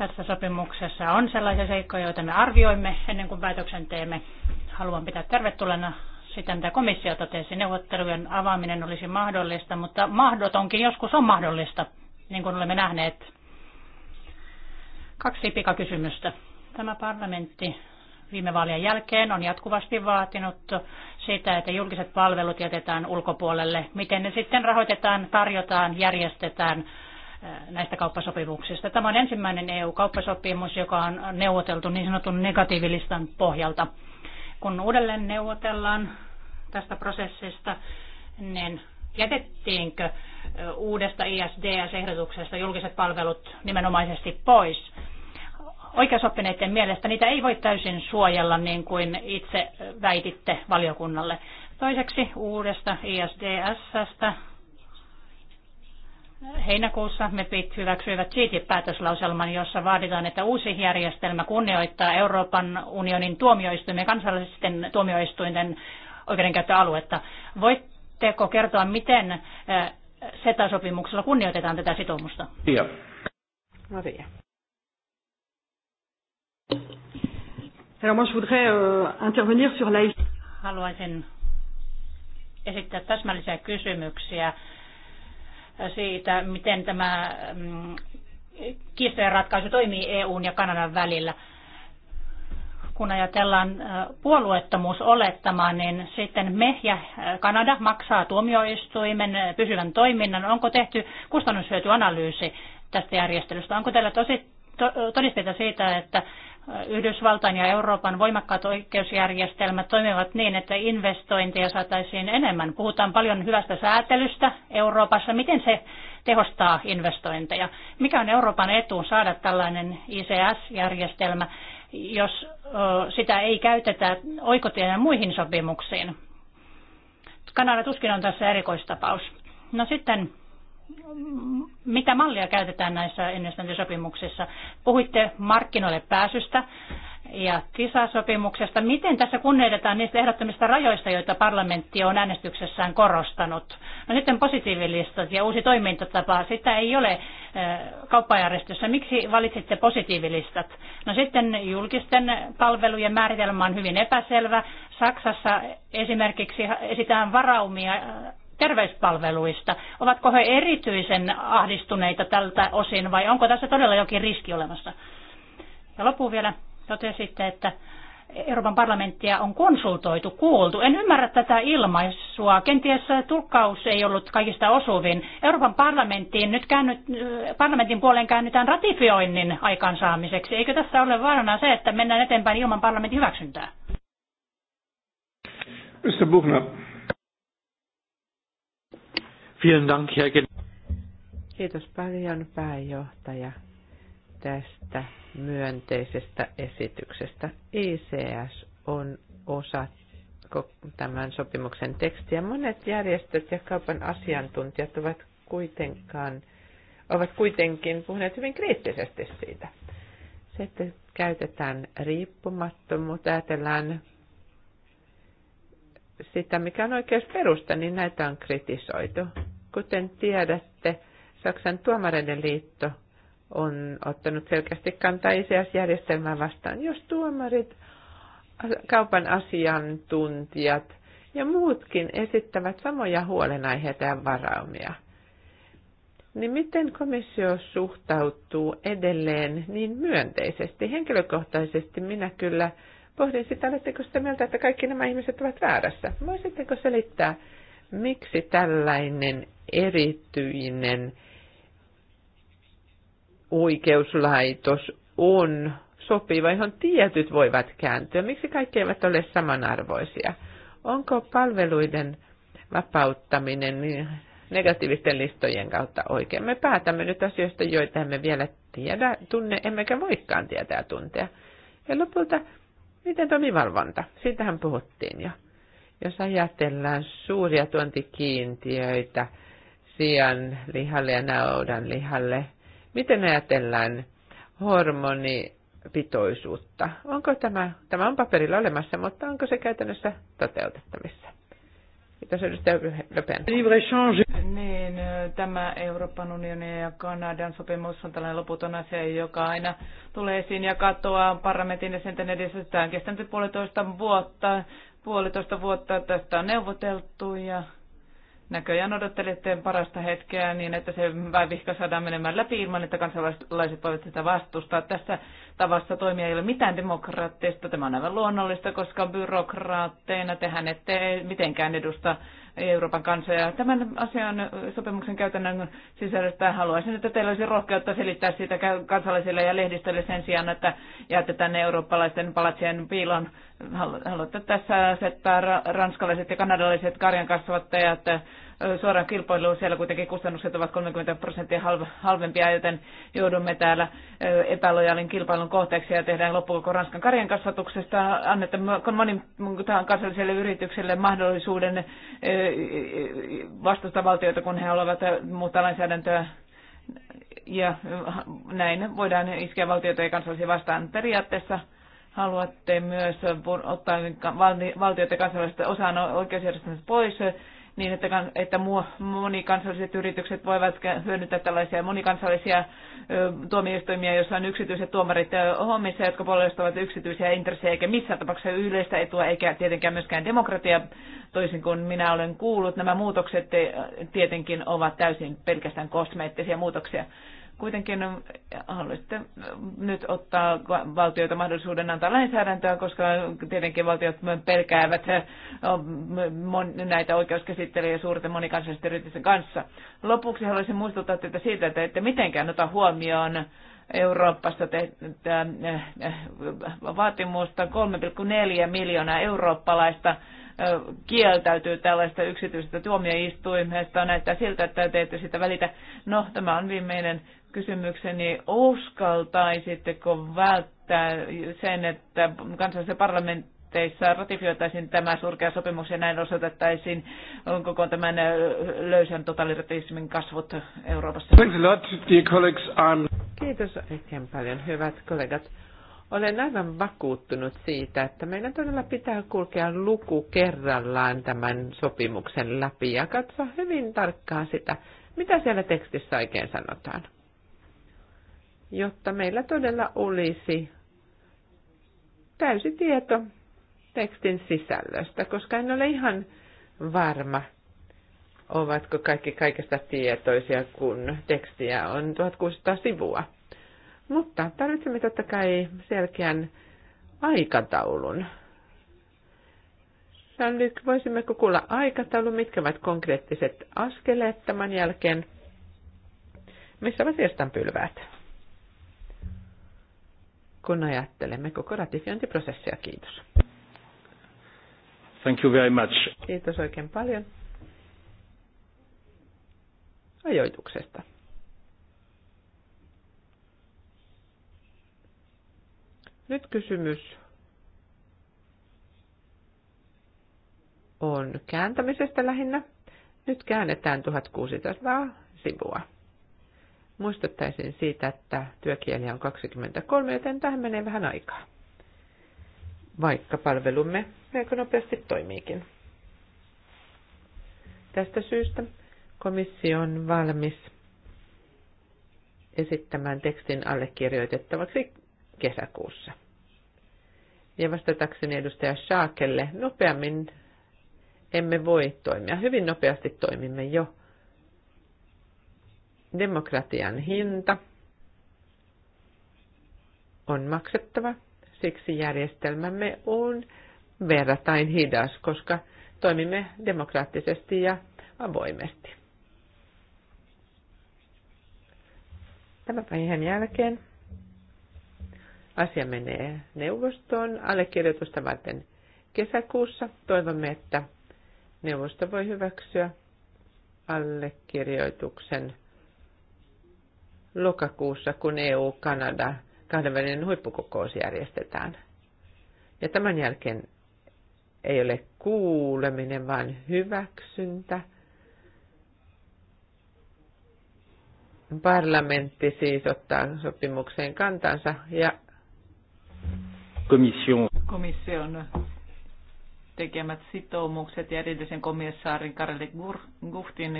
tässä sopimuksessa on sellaisia seikkoja, joita me arvioimme ennen kuin päätöksen teemme. Haluan pitää tervetulleena sitä, mitä komissio totesi. Neuvottelujen avaaminen olisi mahdollista, mutta mahdotonkin joskus on mahdollista, niin kuin olemme nähneet. Kaksi pikakysymystä. Tämä parlamentti viime vaalien jälkeen on jatkuvasti vaatinut sitä, että julkiset palvelut jätetään ulkopuolelle. Miten ne sitten rahoitetaan, tarjotaan, järjestetään Eh, näistä kauppasopimuksista. Tämä on ensimmäinen EU-kauppasopimus, joka on neuvoteltu niin sanotun negatiivilistan pohjalta. Kun uudelleen neuvotellaan tästä prosessista, niin jätettiinkö eh, uudesta ISDS-ehdotuksesta julkiset palvelut nimenomaisesti pois? Oikeusoppineiden mielestä niitä ei voi täysin suojella niin kuin itse eh, väititte valiokunnalle. Toiseksi uudesta ISDS heinäkuussa MEPit hyväksyivät CITI-päätöslauselman, jossa vaaditaan, että uusi järjestelmä kunnioittaa Euroopan unionin tuomioistuimen kansallisten tuomioistuinten oikeudenkäyttöaluetta. Voitteko kertoa, miten äh, SETA-sopimuksella kunnioitetaan tätä sitoumusta? Joo. Maria. Alors moi je voudrais euh, intervenir sur la... Haluaisin esittää täsmällisiä kysymyksiä siitä, miten tämä mm, kiistojen ratkaisu toimii EUn ja Kanadan välillä. Kun ajatellaan puolueettomuus olettamaan, niin sitten me ja Kanada maksaa tuomioistuimen pysyvän toiminnan. Onko tehty kustannushyötyanalyysi tästä järjestelystä? Onko teillä tosi todisteita siitä, että Yhdysvaltain ja Euroopan voimakkaat oikeusjärjestelmät toimivat niin, että investointeja saataisiin enemmän. Puhutaan paljon hyvästä säätelystä Euroopassa. Miten se tehostaa investointeja? Mikä on Euroopan etu saada tällainen ICS-järjestelmä, jos sitä ei käytetä ja muihin sopimuksiin? Kanada tuskin on tässä erikoistapaus. No sitten mitä mallia käytetään näissä investointisopimuksissa? Puhuitte markkinoille pääsystä ja TISA-sopimuksesta. Miten tässä kunnioitetaan niistä ehdottomista rajoista, joita parlamentti on äänestyksessään korostanut? No sitten positiivilistat ja uusi toimintatapa, sitä ei ole eh, kauppajärjestössä. Miksi valitsitte positiivilistat? No sitten julkisten palvelujen määritelmä on hyvin epäselvä. Saksassa esimerkiksi esitään varaumia terveyspalveluista. Ovatko he erityisen ahdistuneita tältä osin vai onko tässä todella jokin riski olemassa? Ja lopuun vielä totesitte, että Euroopan parlamenttia on konsultoitu, kuultu. En ymmärrä tätä ilmaisua. Kenties tulkkaus ei ollut kaikista osuvin. Euroopan parlamenttiin nyt käännyt, parlamentin puoleen käännytään ratifioinnin aikaansaamiseksi. Eikö tässä ole vaarana se, että mennään eteenpäin ilman parlamentin hyväksyntää? Mr. Buchner. Vielen Dank, Herr Kiitos paljon pääjohtaja tästä myönteisestä esityksestä. ICS on osa tämän sopimuksen tekstiä. Monet järjestöt ja kaupan asiantuntijat ovat kuitenkaan ovat kuitenkin puhuneet hyvin kriittisesti siitä. Se, että käytetään riippumattomuutta, ajatellaan sitä, mikä on perusta, niin näitä on kritisoitu. Kuten tiedätte, Saksan tuomareiden liitto on ottanut selkeästi kantaa ICS-järjestelmää vastaan. Jos tuomarit, kaupan asiantuntijat ja muutkin esittävät samoja huolenaiheita ja varaumia, niin miten komissio suhtautuu edelleen niin myönteisesti? Henkilökohtaisesti minä kyllä Pohdin sitä, oletteko sitä mieltä, että kaikki nämä ihmiset ovat väärässä. Voisitteko selittää, miksi tällainen erityinen oikeuslaitos on sopiva, johon tietyt voivat kääntyä? Miksi kaikki eivät ole samanarvoisia? Onko palveluiden vapauttaminen niin negatiivisten listojen kautta oikein? Me päätämme nyt asioista, joita emme vielä tiedä, tunne, emmekä voikaan tietää tuntea. Ja lopulta Miten toimi valvonta? Siitähän puhuttiin jo. Jos ajatellaan suuria tuontikiintiöitä sian lihalle ja naudan lihalle, miten ajatellaan hormonipitoisuutta? Onko tämä, tämä on paperilla olemassa, mutta onko se käytännössä toteutettavissa? Kiitos edustaja Löpen. Niin, tämä Euroopan unionin ja Kanadan sopimus on tällainen loputon asia, joka aina tulee esiin ja katoaa parlamentin jäsenten edessä. Tämä on kestänyt puolitoista vuotta. Puolitoista vuotta tästä on neuvoteltu ja Näköjään odottelette parasta hetkeä niin, että se vihka saadaan menemään läpi ilman, että kansalaiset voivat sitä vastustaa. Tässä tavassa toimia ei ole mitään demokraattista. Tämä on aivan luonnollista, koska byrokraatteina tehän ette mitenkään edusta Euroopan kanssa ja Tämän asian sopimuksen käytännön sisällöstä haluaisin, että teillä olisi rohkeutta selittää sitä kansalaisille ja lehdistölle sen sijaan, että jäätte tänne eurooppalaisten palatsien piilon. Haluatte tässä asettaa ranskalaiset ja kanadalaiset karjankasvattajat suoraan kilpailuun. Siellä kuitenkin kustannukset ovat 30 prosenttia halvempia, joten joudumme täällä epälojaalin kilpailun kohteeksi ja tehdään loppukoko Ranskan karjan kasvatuksesta. Annetaan monin kansalliselle yritykselle mahdollisuuden vastustaa valtioita, kun he haluavat muuttaa lainsäädäntöä ja äh, näin voidaan iskeä valtioita ja kansallisia vastaan. Periaatteessa haluatte myös ottaa valtioita ja kansalaisista osaan oikeusjärjestelmästä pois niin, että, että monikansalliset yritykset voivat hyödyntää tällaisia monikansallisia tuomioistuimia, joissa on yksityiset tuomarit hommissa, jotka puolustavat yksityisiä intressejä, eikä missään tapauksessa yleistä etua, eikä tietenkään myöskään demokratia, toisin kuin minä olen kuullut. Nämä muutokset tietenkin ovat täysin pelkästään kosmeettisia muutoksia. Kuitenkin äh, haluaisitte nyt ottaa valtioita mahdollisuuden antaa lainsäädäntöä, koska tietenkin valtiot pelkäävät äh, näitä oikeuskäsittelyjä suurten monikansallisten yritysten kanssa. Lopuksi haluaisin muistuttaa teitä siitä, että ette mitenkään ota huomioon Euroopassa tehtyä äh, vaatimusta 3,4 miljoonaa eurooppalaista kieltäytyy tällaista yksityisestä tuomioistuimesta. Näyttää siltä, että te ette sitä välitä. No, tämä on viimeinen kysymykseni, uskaltaisitteko välttää sen, että kansallisessa parlamentteissa ratifioitaisiin tämä surkea sopimus ja näin osoitettaisiin koko tämän löysän totalitarismin kasvut Euroopassa? Thanks a lot, dear colleagues. I'm... Kiitos oikein paljon, hyvät kollegat. Olen aivan vakuuttunut siitä, että meidän todella pitää kulkea luku kerrallaan tämän sopimuksen läpi ja katsoa hyvin tarkkaan sitä, mitä siellä tekstissä oikein sanotaan jotta meillä todella olisi täysi tieto tekstin sisällöstä, koska en ole ihan varma, ovatko kaikki kaikesta tietoisia, kun tekstiä on 1600 sivua. Mutta tarvitsemme totta kai selkeän aikataulun. jean voisimmeko kuulla aikataulu, mitkä ovat konkreettiset askeleet tämän jälkeen? Missä ovat virstanpylväät? kun ajattelemme koko ratifiointiprosessia. Kiitos. Thank you very much. Kiitos oikein paljon ajoituksesta. Nyt kysymys on kääntämisestä lähinnä. Nyt käännetään 1600 sivua. Muistuttaisin siitä, että työkieli on 23, joten tähän menee vähän aikaa, vaikka palvelumme melko nopeasti toimiikin. Tästä syystä komissio on valmis esittämään tekstin allekirjoitettavaksi kesäkuussa. Ja vastatakseni edustaja Schaakelle, nopeammin emme voi toimia. Hyvin nopeasti toimimme jo Demokratian hinta on maksettava, siksi järjestelmämme on verratain hidas, koska toimimme demokraattisesti ja avoimesti. Tämän päivän jälkeen asia menee neuvostoon allekirjoitusta varten kesäkuussa. Toivomme, että neuvosto voi hyväksyä allekirjoituksen lokakuussa, kun EU-Kanada kahdenvälinen huippukokous järjestetään. Ja tämän jälkeen ei ole kuuleminen, vaan hyväksyntä. Parlamentti siis ottaa sopimukseen kantansa ja komission, komission tekemät sitoumukset ja erityisen komissaarin Karel Guhtin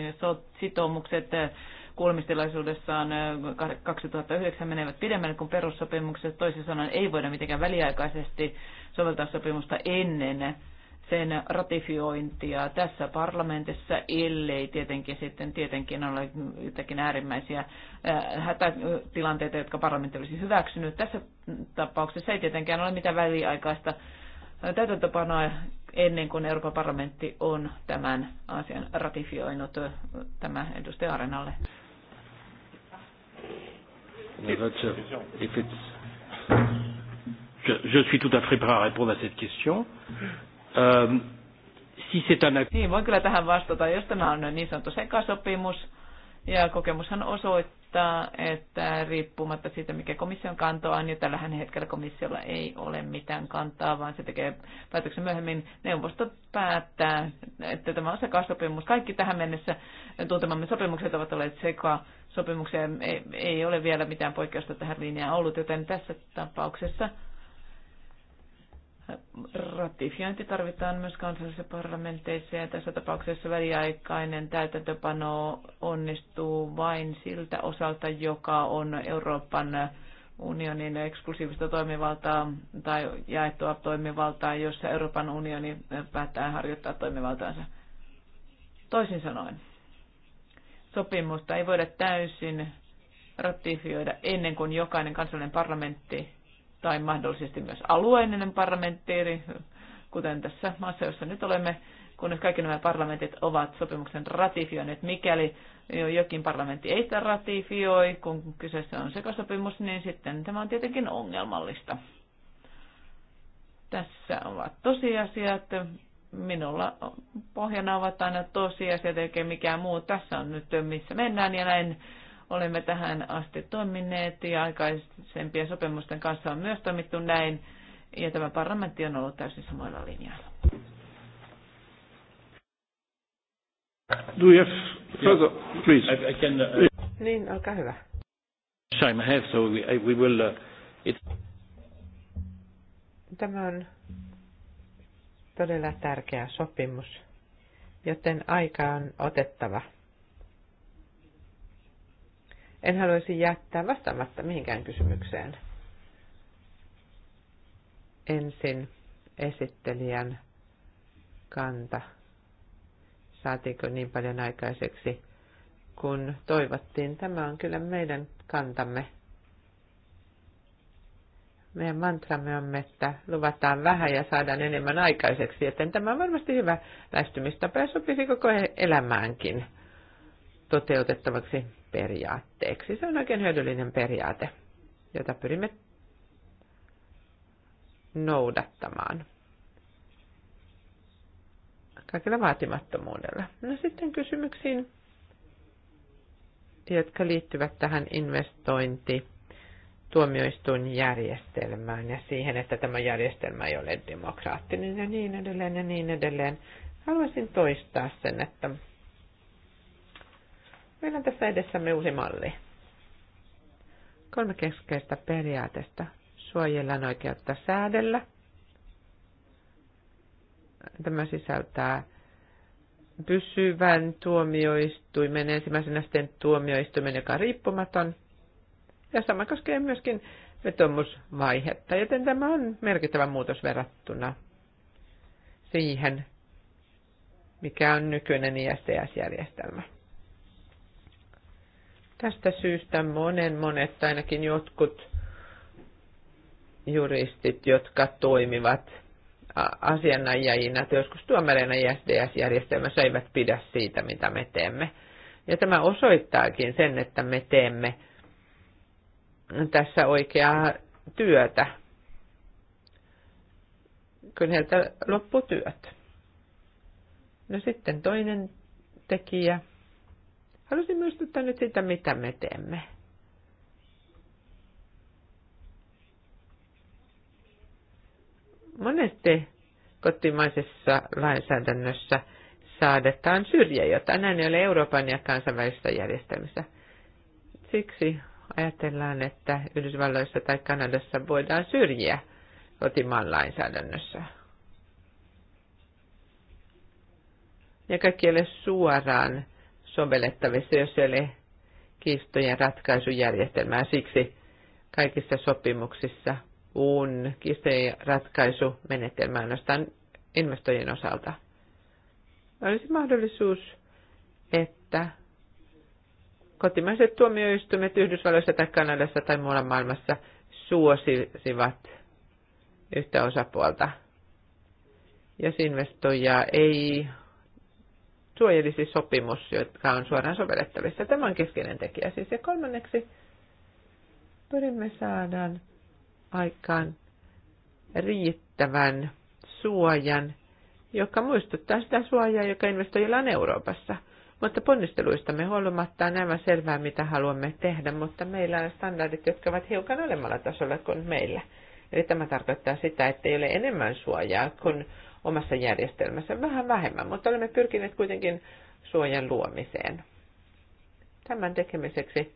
sitoumukset kuulemistilaisuudessaan 2009 menevät pidemmälle kuin perussopimukset. Toisin sanoen ei voida mitenkään väliaikaisesti soveltaa sopimusta ennen sen ratifiointia tässä parlamentissa, ellei tietenkin sitten tietenkin ole jotakin äärimmäisiä hätätilanteita, jotka parlamentti olisi hyväksynyt. Tässä tapauksessa ei tietenkään ole mitään väliaikaista täytäntöpanoa ennen kuin Euroopan parlamentti on tämän asian ratifioinut tämä edustaja Arenalle if it's, je, je suis tout à fait prêt à répondre à cette question. Euh, si c'est un Niin, voin kyllä tähän vastata, jos tämä on niin sanottu sekasopimus. Ja kokemushan osoittaa, että riippumatta siitä, mikä komission kanto on, niin tällä hetkellä komissiolla ei ole mitään kantaa, vaan se tekee päätöksen myöhemmin. Neuvosto päättää, että tämä on sekasopimus. Kaikki tähän mennessä tuntemamme sopimukset ovat olleet sekasopimus Sopimukseen Ei, ei ole vielä mitään poikkeusta tähän linjaan ollut, joten tässä tapauksessa ratifiointi tarvitaan myös kansallisissa parlamenteissa ja tässä tapauksessa väliaikainen täytäntöpano onnistuu vain siltä osalta, joka on Euroopan unionin eksklusiivista toimivaltaa tai jaettua toimivaltaa, jossa Euroopan unioni päättää harjoittaa toimivaltaansa. Toisin sanoen, sopimusta ei voida täysin ratifioida ennen kuin jokainen kansallinen parlamentti tai mahdollisesti myös alueellinen parlamentti, kuten tässä maassa, jossa nyt olemme, kunnes kaikki nämä parlamentit ovat sopimuksen ratifioineet. Mikäli jokin parlamentti ei sitä ratifioi, kun kyseessä on sekasopimus, niin sitten tämä on tietenkin ongelmallista. Tässä ovat tosiasiat minulla pohjana ovat aina tosiasiat eikä mikään muu. Tässä on nyt missä mennään ja näin olemme tähän asti toimineet ja aikaisempien sopimusten kanssa on myös toimittu näin. Ja tämä parlamentti on ollut täysin samoilla linjoilla. Do you have further, please? I, I can, uh... Niin, olkaa hyvä. Time I have, so we, we will... Uh, it... Tämä on todella tärkeä sopimus, joten aika on otettava. En haluaisi jättää vastaamatta mihinkään kysymykseen. Ensin esittelijän kanta. Saatiinko niin paljon aikaiseksi, kun toivottiin? Tämä on kyllä meidän kantamme meidän mantramme on, että luvataan vähän ja saadaan enemmän aikaiseksi, joten tämä on varmasti hyvä lähestymistapa ja sopisi koko elämäänkin toteutettavaksi periaatteeksi. Se on oikein hyödyllinen periaate, jota pyrimme noudattamaan kaikilla vaatimattomuudella. No sitten kysymyksiin, jotka liittyvät tähän investointi tuomioistuinjärjestelmään ja siihen, että tämä järjestelmä ei ole demokraattinen ja niin edelleen ja niin edelleen. Haluaisin toistaa sen, että meillä on tässä edessämme uusi malli. Kolme keskeistä periaatetta. Suojellaan oikeutta säädellä. Tämä sisältää pysyvän tuomioistuimen, ensimmäisen asteen tuomioistuimen, joka on riippumaton – ja sama koskee myöskin vetomusvaihetta, joten tämä on merkittävä muutos verrattuna siihen, mikä on nykyinen ISTS-järjestelmä. Tästä syystä monen monet, ainakin jotkut juristit, jotka toimivat asianajajina tai joskus tuomareina ISDS-järjestelmässä, eivät pidä siitä, mitä me teemme. Ja tämä osoittaakin sen, että me teemme – tässä oikeaa työtä, kun heiltä loppu työt. No sitten toinen tekijä. Haluaisin muistuttaa nyt sitä, mitä me teemme. Monesti kotimaisessa lainsäädännössä saadetaan syrjä, jota näin ei ole Euroopan ja kansainvälisissä järjestelmissä. Siksi ajatellaan, että Yhdysvalloissa tai Kanadassa voidaan syrjiä kotimaan lainsäädännössä. Ja kaikki ei ole suoraan sovellettavissa, jos ei ole kiistojen ratkaisujärjestelmää. Siksi kaikissa sopimuksissa on kiistojen ratkaisumenetelmää nostan investoijien osalta. Olisi mahdollisuus, että kotimaiset tuomioistuimet Yhdysvalloissa tai Kanadassa tai muualla maailmassa suosivat yhtä osapuolta. Jos investoija ei suojelisi sopimus, joka on suoraan sovellettavissa. Tämä on keskeinen tekijä siis. Ja kolmanneksi pyrimme saadaan aikaan riittävän suojan, joka muistuttaa sitä suojaa, joka investoijilla on Euroopassa – mutta ponnisteluistamme huolimatta on aivan selvää, mitä haluamme tehdä, mutta meillä on standardit, jotka ovat hiukan alemmalla tasolla kuin meillä. Eli tämä tarkoittaa sitä, että ei ole enemmän suojaa kuin omassa järjestelmässä, vähän vähemmän, mutta olemme pyrkineet kuitenkin suojan luomiseen. Tämän tekemiseksi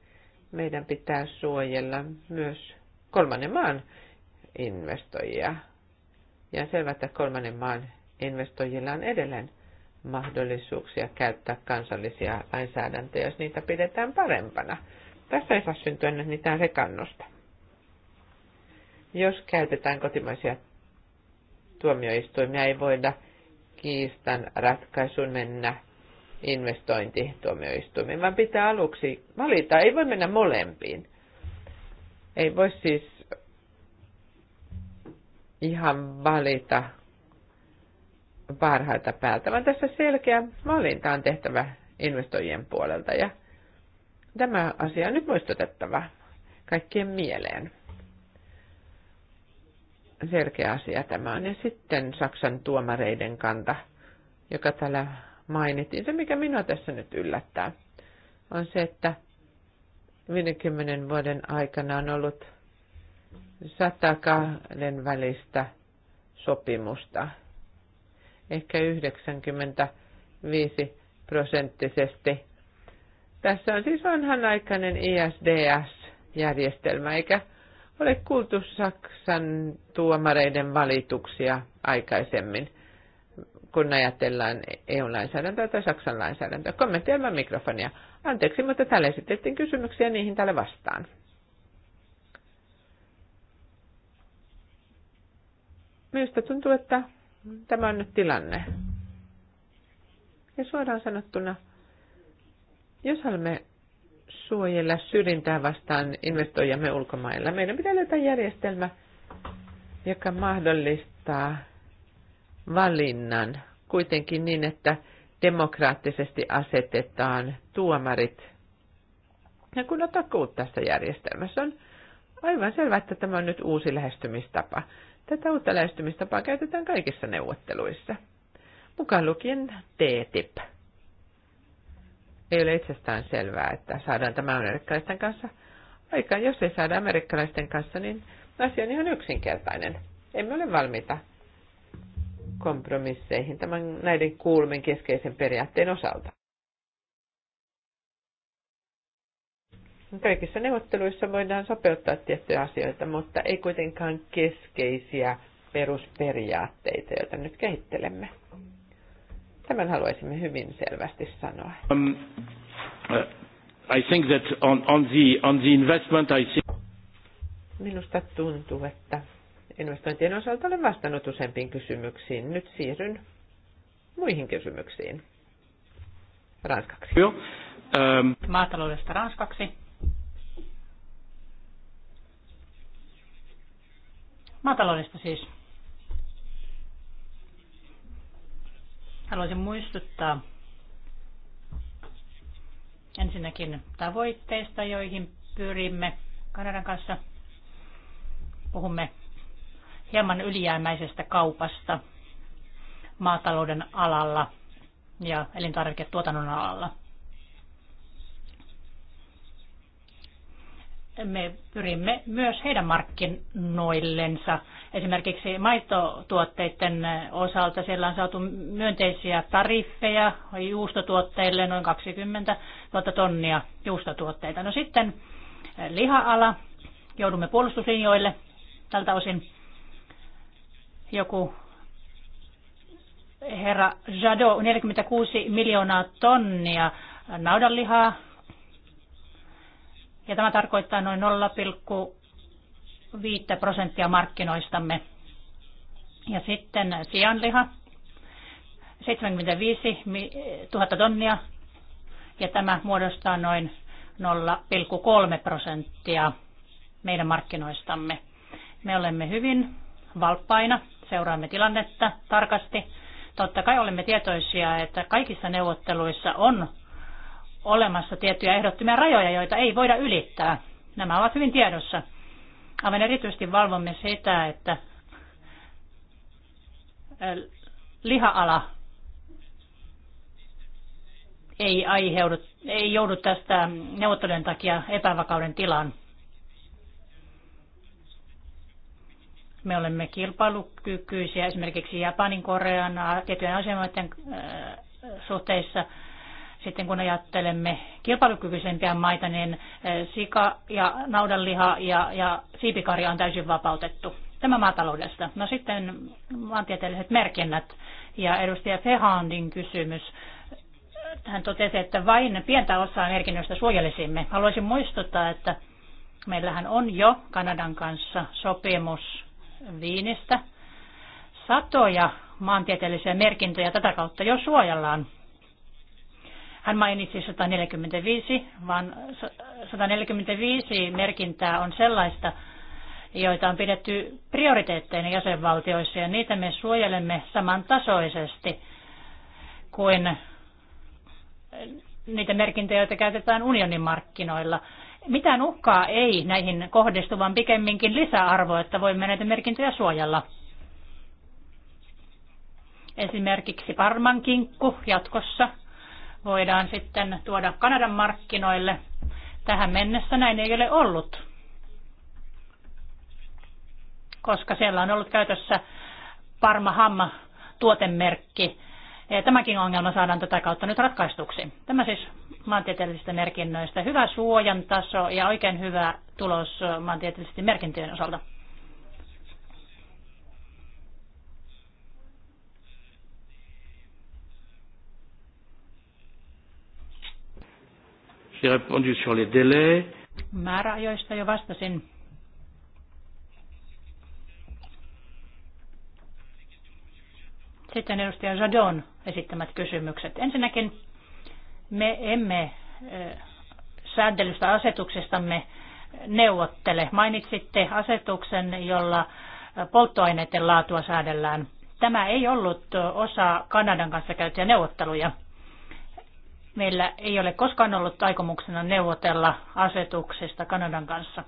meidän pitää suojella myös kolmannen maan investoijia. Ja selvä, että kolmannen maan investoijilla on edelleen mahdollisuuksia käyttää kansallisia lainsäädäntöjä, jos niitä pidetään parempana. Tässä ei saa syntyä nyt mitään sekannosta. Jos käytetään kotimaisia tuomioistuimia, ei voida kiistan ratkaisun mennä investointituomioistuimiin, vaan pitää aluksi valita. Ei voi mennä molempiin. Ei voi siis ihan valita parhaita päältä, vaan tässä selkeä valinta on tehtävä investoijien puolelta ja tämä asia on nyt muistutettava kaikkien mieleen. Selkeä asia tämä on. Ja sitten Saksan tuomareiden kanta, joka täällä mainittiin. Se, mikä minua tässä nyt yllättää, on se, että 50 vuoden aikana on ollut satakaiden välistä sopimusta ehkä 95 prosenttisesti. Tässä on siis vanhanaikainen ISDS-järjestelmä, eikä ole kuultu Saksan tuomareiden valituksia aikaisemmin, kun ajatellaan EU-lainsäädäntöä tai Saksan lainsäädäntöä. Kommentti ilman mikrofonia. Anteeksi, mutta täällä esitettiin kysymyksiä niihin täällä vastaan. Minusta tuntuu, että Tämä on nyt tilanne. Ja suoraan sanottuna, jos haluamme suojella syrjintää vastaan investoijamme ulkomailla, meidän pitää löytää järjestelmä, joka mahdollistaa valinnan kuitenkin niin, että demokraattisesti asetetaan tuomarit ja kun takuut tässä järjestelmässä. On aivan selvää, että tämä on nyt uusi lähestymistapa. Tätä uutta lähestymistapaa käytetään kaikissa neuvotteluissa, mukaan lukien TTIP. Ei ole itsestään selvää, että saadaan tämä amerikkalaisten kanssa aikaan. Jos ei saada amerikkalaisten kanssa, niin asia on ihan yksinkertainen. Emme ole valmiita kompromisseihin tämän näiden kuulmen keskeisen periaatteen osalta. kaikissa neuvotteluissa voidaan sopeuttaa tiettyjä asioita, mutta ei kuitenkaan keskeisiä perusperiaatteita, joita nyt kehittelemme. Tämän haluaisimme hyvin selvästi sanoa. Um, uh, I think that on, on, the, on the investment I Minusta tuntuu, että investointien osalta olen vastannut useampiin kysymyksiin. Nyt siirryn muihin kysymyksiin. Ranskaksi. Joo. Um... Maataloudesta ranskaksi. Maataloudesta siis. Haluaisin muistuttaa ensinnäkin tavoitteista, joihin pyrimme Kanadan kanssa. Puhumme hieman ylijäämäisestä kaupasta maatalouden alalla ja elintarviketuotannon alalla. me pyrimme myös heidän markkinoillensa. Esimerkiksi maitotuotteiden osalta siellä on saatu myönteisiä tariffeja juustotuotteille noin 20 000 tonnia juustotuotteita. No sitten liha-ala, joudumme puolustuslinjoille tältä osin. Joku herra Jado, 46 miljoonaa tonnia naudanlihaa ja tämä tarkoittaa noin 0,5 prosenttia markkinoistamme. Ja sitten sianliha, 75 000 tonnia, ja tämä muodostaa noin 0,3 prosenttia meidän markkinoistamme. Me olemme hyvin valppaina, seuraamme tilannetta tarkasti. Totta kai olemme tietoisia, että kaikissa neuvotteluissa on olemassa tiettyjä ehdottomia rajoja, joita ei voida ylittää. Nämä ovat hyvin tiedossa. Aivan erityisesti valvomme sitä, että lihaala ei, aiheudu, ei joudu tästä neuvottelujen takia epävakauden tilaan. Me olemme kilpailukykyisiä esimerkiksi Japanin, Korean, tiettyjen asemaiden suhteissa – sitten kun ajattelemme kilpailukykyisempiä maita, niin eh, sika ja naudanliha ja, ja siipikarja on täysin vapautettu. Tämä maataloudesta. No sitten maantieteelliset merkinnät ja edustaja Fehandin kysymys. Hän totesi, että vain pientä osaa merkinnöistä suojelisimme. Haluaisin muistuttaa, että meillähän on jo Kanadan kanssa sopimus viinistä. Satoja maantieteellisiä merkintöjä tätä kautta jo suojellaan. Hän mainitsi 145, vaan 145 merkintää on sellaista, joita on pidetty prioriteetteina jäsenvaltioissa ja niitä me suojelemme samantasoisesti kuin niitä merkintöjä, joita käytetään unionin markkinoilla. Mitään uhkaa ei näihin kohdistu, vaan pikemminkin lisäarvo, että voimme näitä merkintöjä suojella. Esimerkiksi parmankinkku jatkossa voidaan sitten tuoda Kanadan markkinoille. Tähän mennessä näin ei ole ollut, koska siellä on ollut käytössä Parma Hamma tuotemerkki. Tämäkin ongelma saadaan tätä kautta nyt ratkaistuksi. Tämä siis maantieteellisistä merkinnöistä. Hyvä suojan taso ja oikein hyvä tulos maantieteellisesti merkintöjen osalta. J'ai répondu sur les délais. Määräajoista jo vastasin. Sitten edustaja Jadon esittämät kysymykset. Ensinnäkin me emme säädellystä asetuksestamme neuvottele. Mainitsitte asetuksen, jolla polttoaineiden laatua säädellään. Tämä ei ollut osa Kanadan kanssa käytyjä neuvotteluja. Meillä ei ole koskaan ollut aikomuksena neuvotella asetuksesta Kanadan kanssa.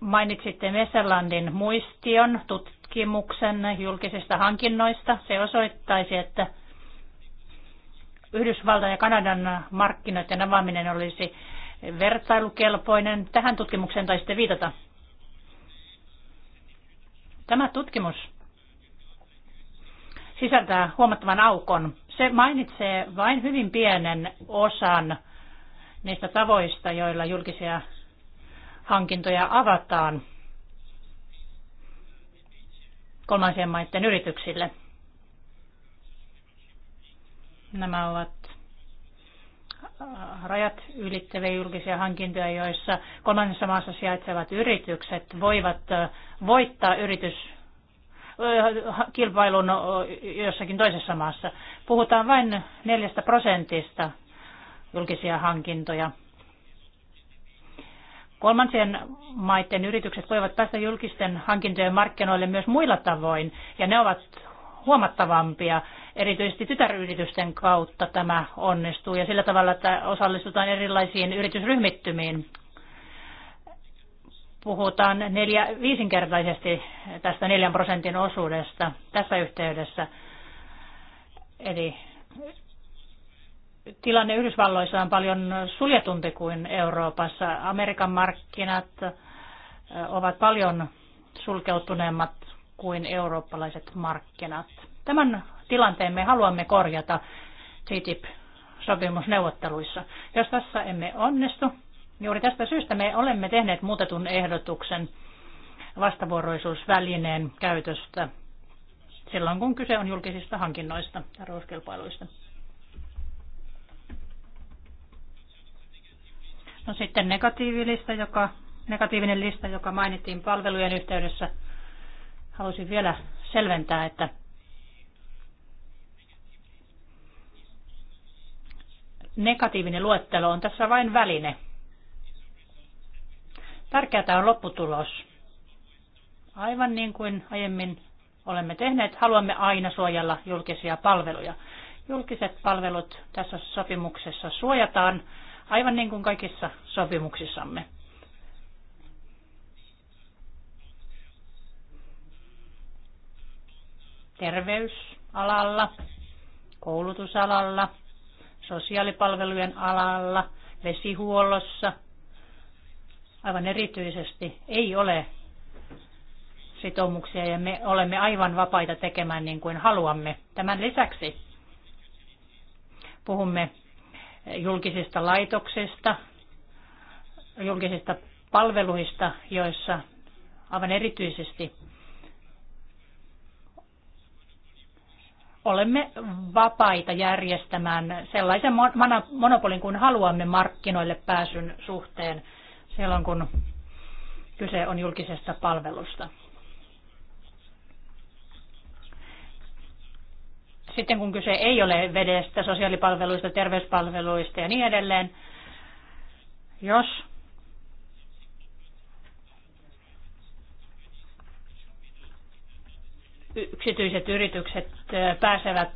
Mainitsitte Messerlandin muistion tutkimuksen julkisista hankinnoista. Se osoittaisi, että Yhdysvaltain ja Kanadan markkinoiden avaaminen olisi vertailukelpoinen. Tähän tutkimukseen taisitte viitata. Tämä tutkimus sisältää huomattavan aukon se mainitsee vain hyvin pienen osan niistä tavoista, joilla julkisia hankintoja avataan kolmansien maiden yrityksille. Nämä ovat äh, rajat ylittäviä julkisia hankintoja, joissa kolmannessa maassa sijaitsevat yritykset voivat äh, voittaa yritys kilpailun jossakin toisessa maassa. Puhutaan vain neljästä prosentista julkisia hankintoja. Kolmansien maiden yritykset voivat päästä julkisten hankintojen markkinoille myös muilla tavoin, ja ne ovat huomattavampia. Erityisesti tytäryritysten kautta tämä onnistuu, ja sillä tavalla, että osallistutaan erilaisiin yritysryhmittymiin puhutaan neljä, viisinkertaisesti tästä neljän prosentin osuudesta tässä yhteydessä. Eli tilanne Yhdysvalloissa on paljon suljetumpi kuin Euroopassa. Amerikan markkinat ovat paljon sulkeutuneemmat kuin eurooppalaiset markkinat. Tämän tilanteen me haluamme korjata TTIP-sopimusneuvotteluissa. Jos tässä emme onnistu, Juuri tästä syystä me olemme tehneet muutetun ehdotuksen vastavuoroisuusvälineen käytöstä silloin, kun kyse on julkisista hankinnoista ja rouskilpailuista. No sitten negatiivilista, joka, negatiivinen lista, joka mainittiin palvelujen yhteydessä. Haluaisin vielä selventää, että negatiivinen luettelo on tässä vain väline – Tärkeää on lopputulos. Aivan niin kuin aiemmin olemme tehneet, haluamme aina suojella julkisia palveluja. Julkiset palvelut tässä sopimuksessa suojataan aivan niin kuin kaikissa sopimuksissamme. terveysalalla, koulutusalalla, sosiaalipalvelujen alalla, vesihuollossa – aivan erityisesti ei ole sitoumuksia ja me olemme aivan vapaita tekemään niin kuin haluamme. Tämän lisäksi puhumme julkisista laitoksista, julkisista palveluista, joissa aivan erityisesti olemme vapaita järjestämään sellaisen monopolin kuin haluamme markkinoille pääsyn suhteen silloin, kun kyse on julkisesta palvelusta. Sitten kun kyse ei ole vedestä, sosiaalipalveluista, terveyspalveluista ja niin edelleen, jos yksityiset yritykset pääsevät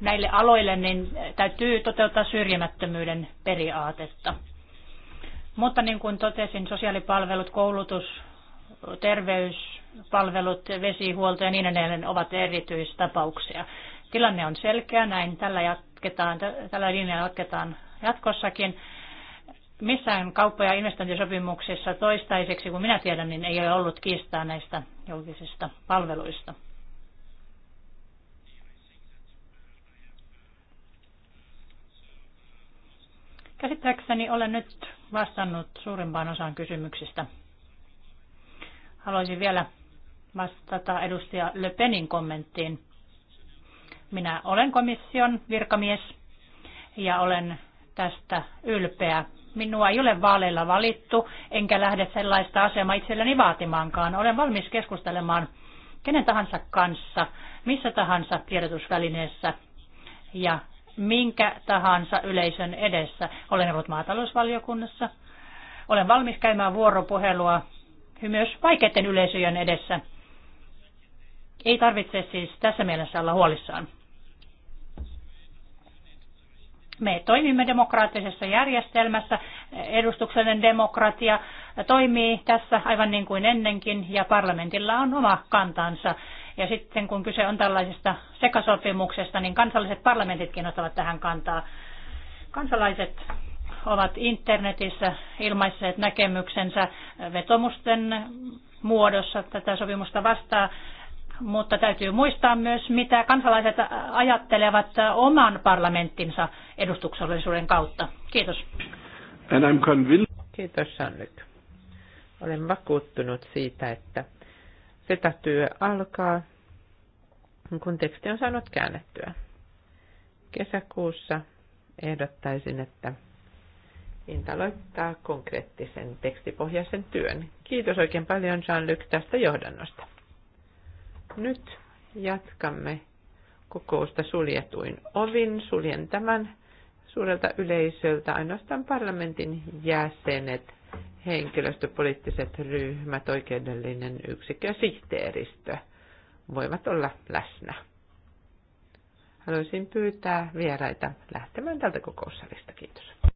näille aloille, niin täytyy toteuttaa syrjimättömyyden periaatetta. Mutta niin kuin totesin, sosiaalipalvelut, koulutus, terveyspalvelut, vesihuolto ja niin edelleen ovat erityistapauksia. Tilanne on selkeä, näin tällä, jatketaan, tällä linjalla jatketaan jatkossakin. Missään kauppa- ja investointisopimuksissa toistaiseksi, kun minä tiedän, niin ei ole ollut kiistaa näistä julkisista palveluista. Käsittääkseni olen nyt vastannut suurimpaan osaan kysymyksistä. Haluaisin vielä vastata edustaja Le Penin kommenttiin. Minä olen komission virkamies ja olen tästä ylpeä. Minua ei ole vaaleilla valittu, enkä lähde sellaista asemaa itselleni vaatimaankaan. Olen valmis keskustelemaan kenen tahansa kanssa, missä tahansa tiedotusvälineessä ja minkä tahansa yleisön edessä. Olen ollut maatalousvaliokunnassa. Olen valmis käymään vuoropuhelua myös vaikeiden yleisöjen edessä. Ei tarvitse siis tässä mielessä olla huolissaan. Me toimimme demokraattisessa järjestelmässä. Edustuksellinen demokratia toimii tässä aivan niin kuin ennenkin ja parlamentilla on oma kantansa ja sitten kun kyse on tällaisesta sekasopimuksesta, niin kansalliset parlamentitkin ottavat tähän kantaa. Kansalaiset ovat internetissä ilmaisseet näkemyksensä vetomusten muodossa tätä sopimusta vastaan, mutta täytyy muistaa myös, mitä kansalaiset ajattelevat oman parlamenttinsa edustuksellisuuden kautta. Kiitos. And I'm Kiitos Sanlik. Olen vakuuttunut siitä, että Setätyö alkaa, kun teksti on saanut käännettyä. Kesäkuussa ehdottaisin, että Inta aloittaa konkreettisen tekstipohjaisen työn. Kiitos oikein paljon Jean-Luc tästä johdannosta. Nyt jatkamme kokousta suljetuin ovin. Suljen tämän suurelta yleisöltä ainoastaan parlamentin jäsenet henkilöstöpoliittiset ryhmät, oikeudellinen yksikkö ja sihteeristö voivat olla läsnä. Haluaisin pyytää vieraita lähtemään tältä kokoussalista. Kiitos.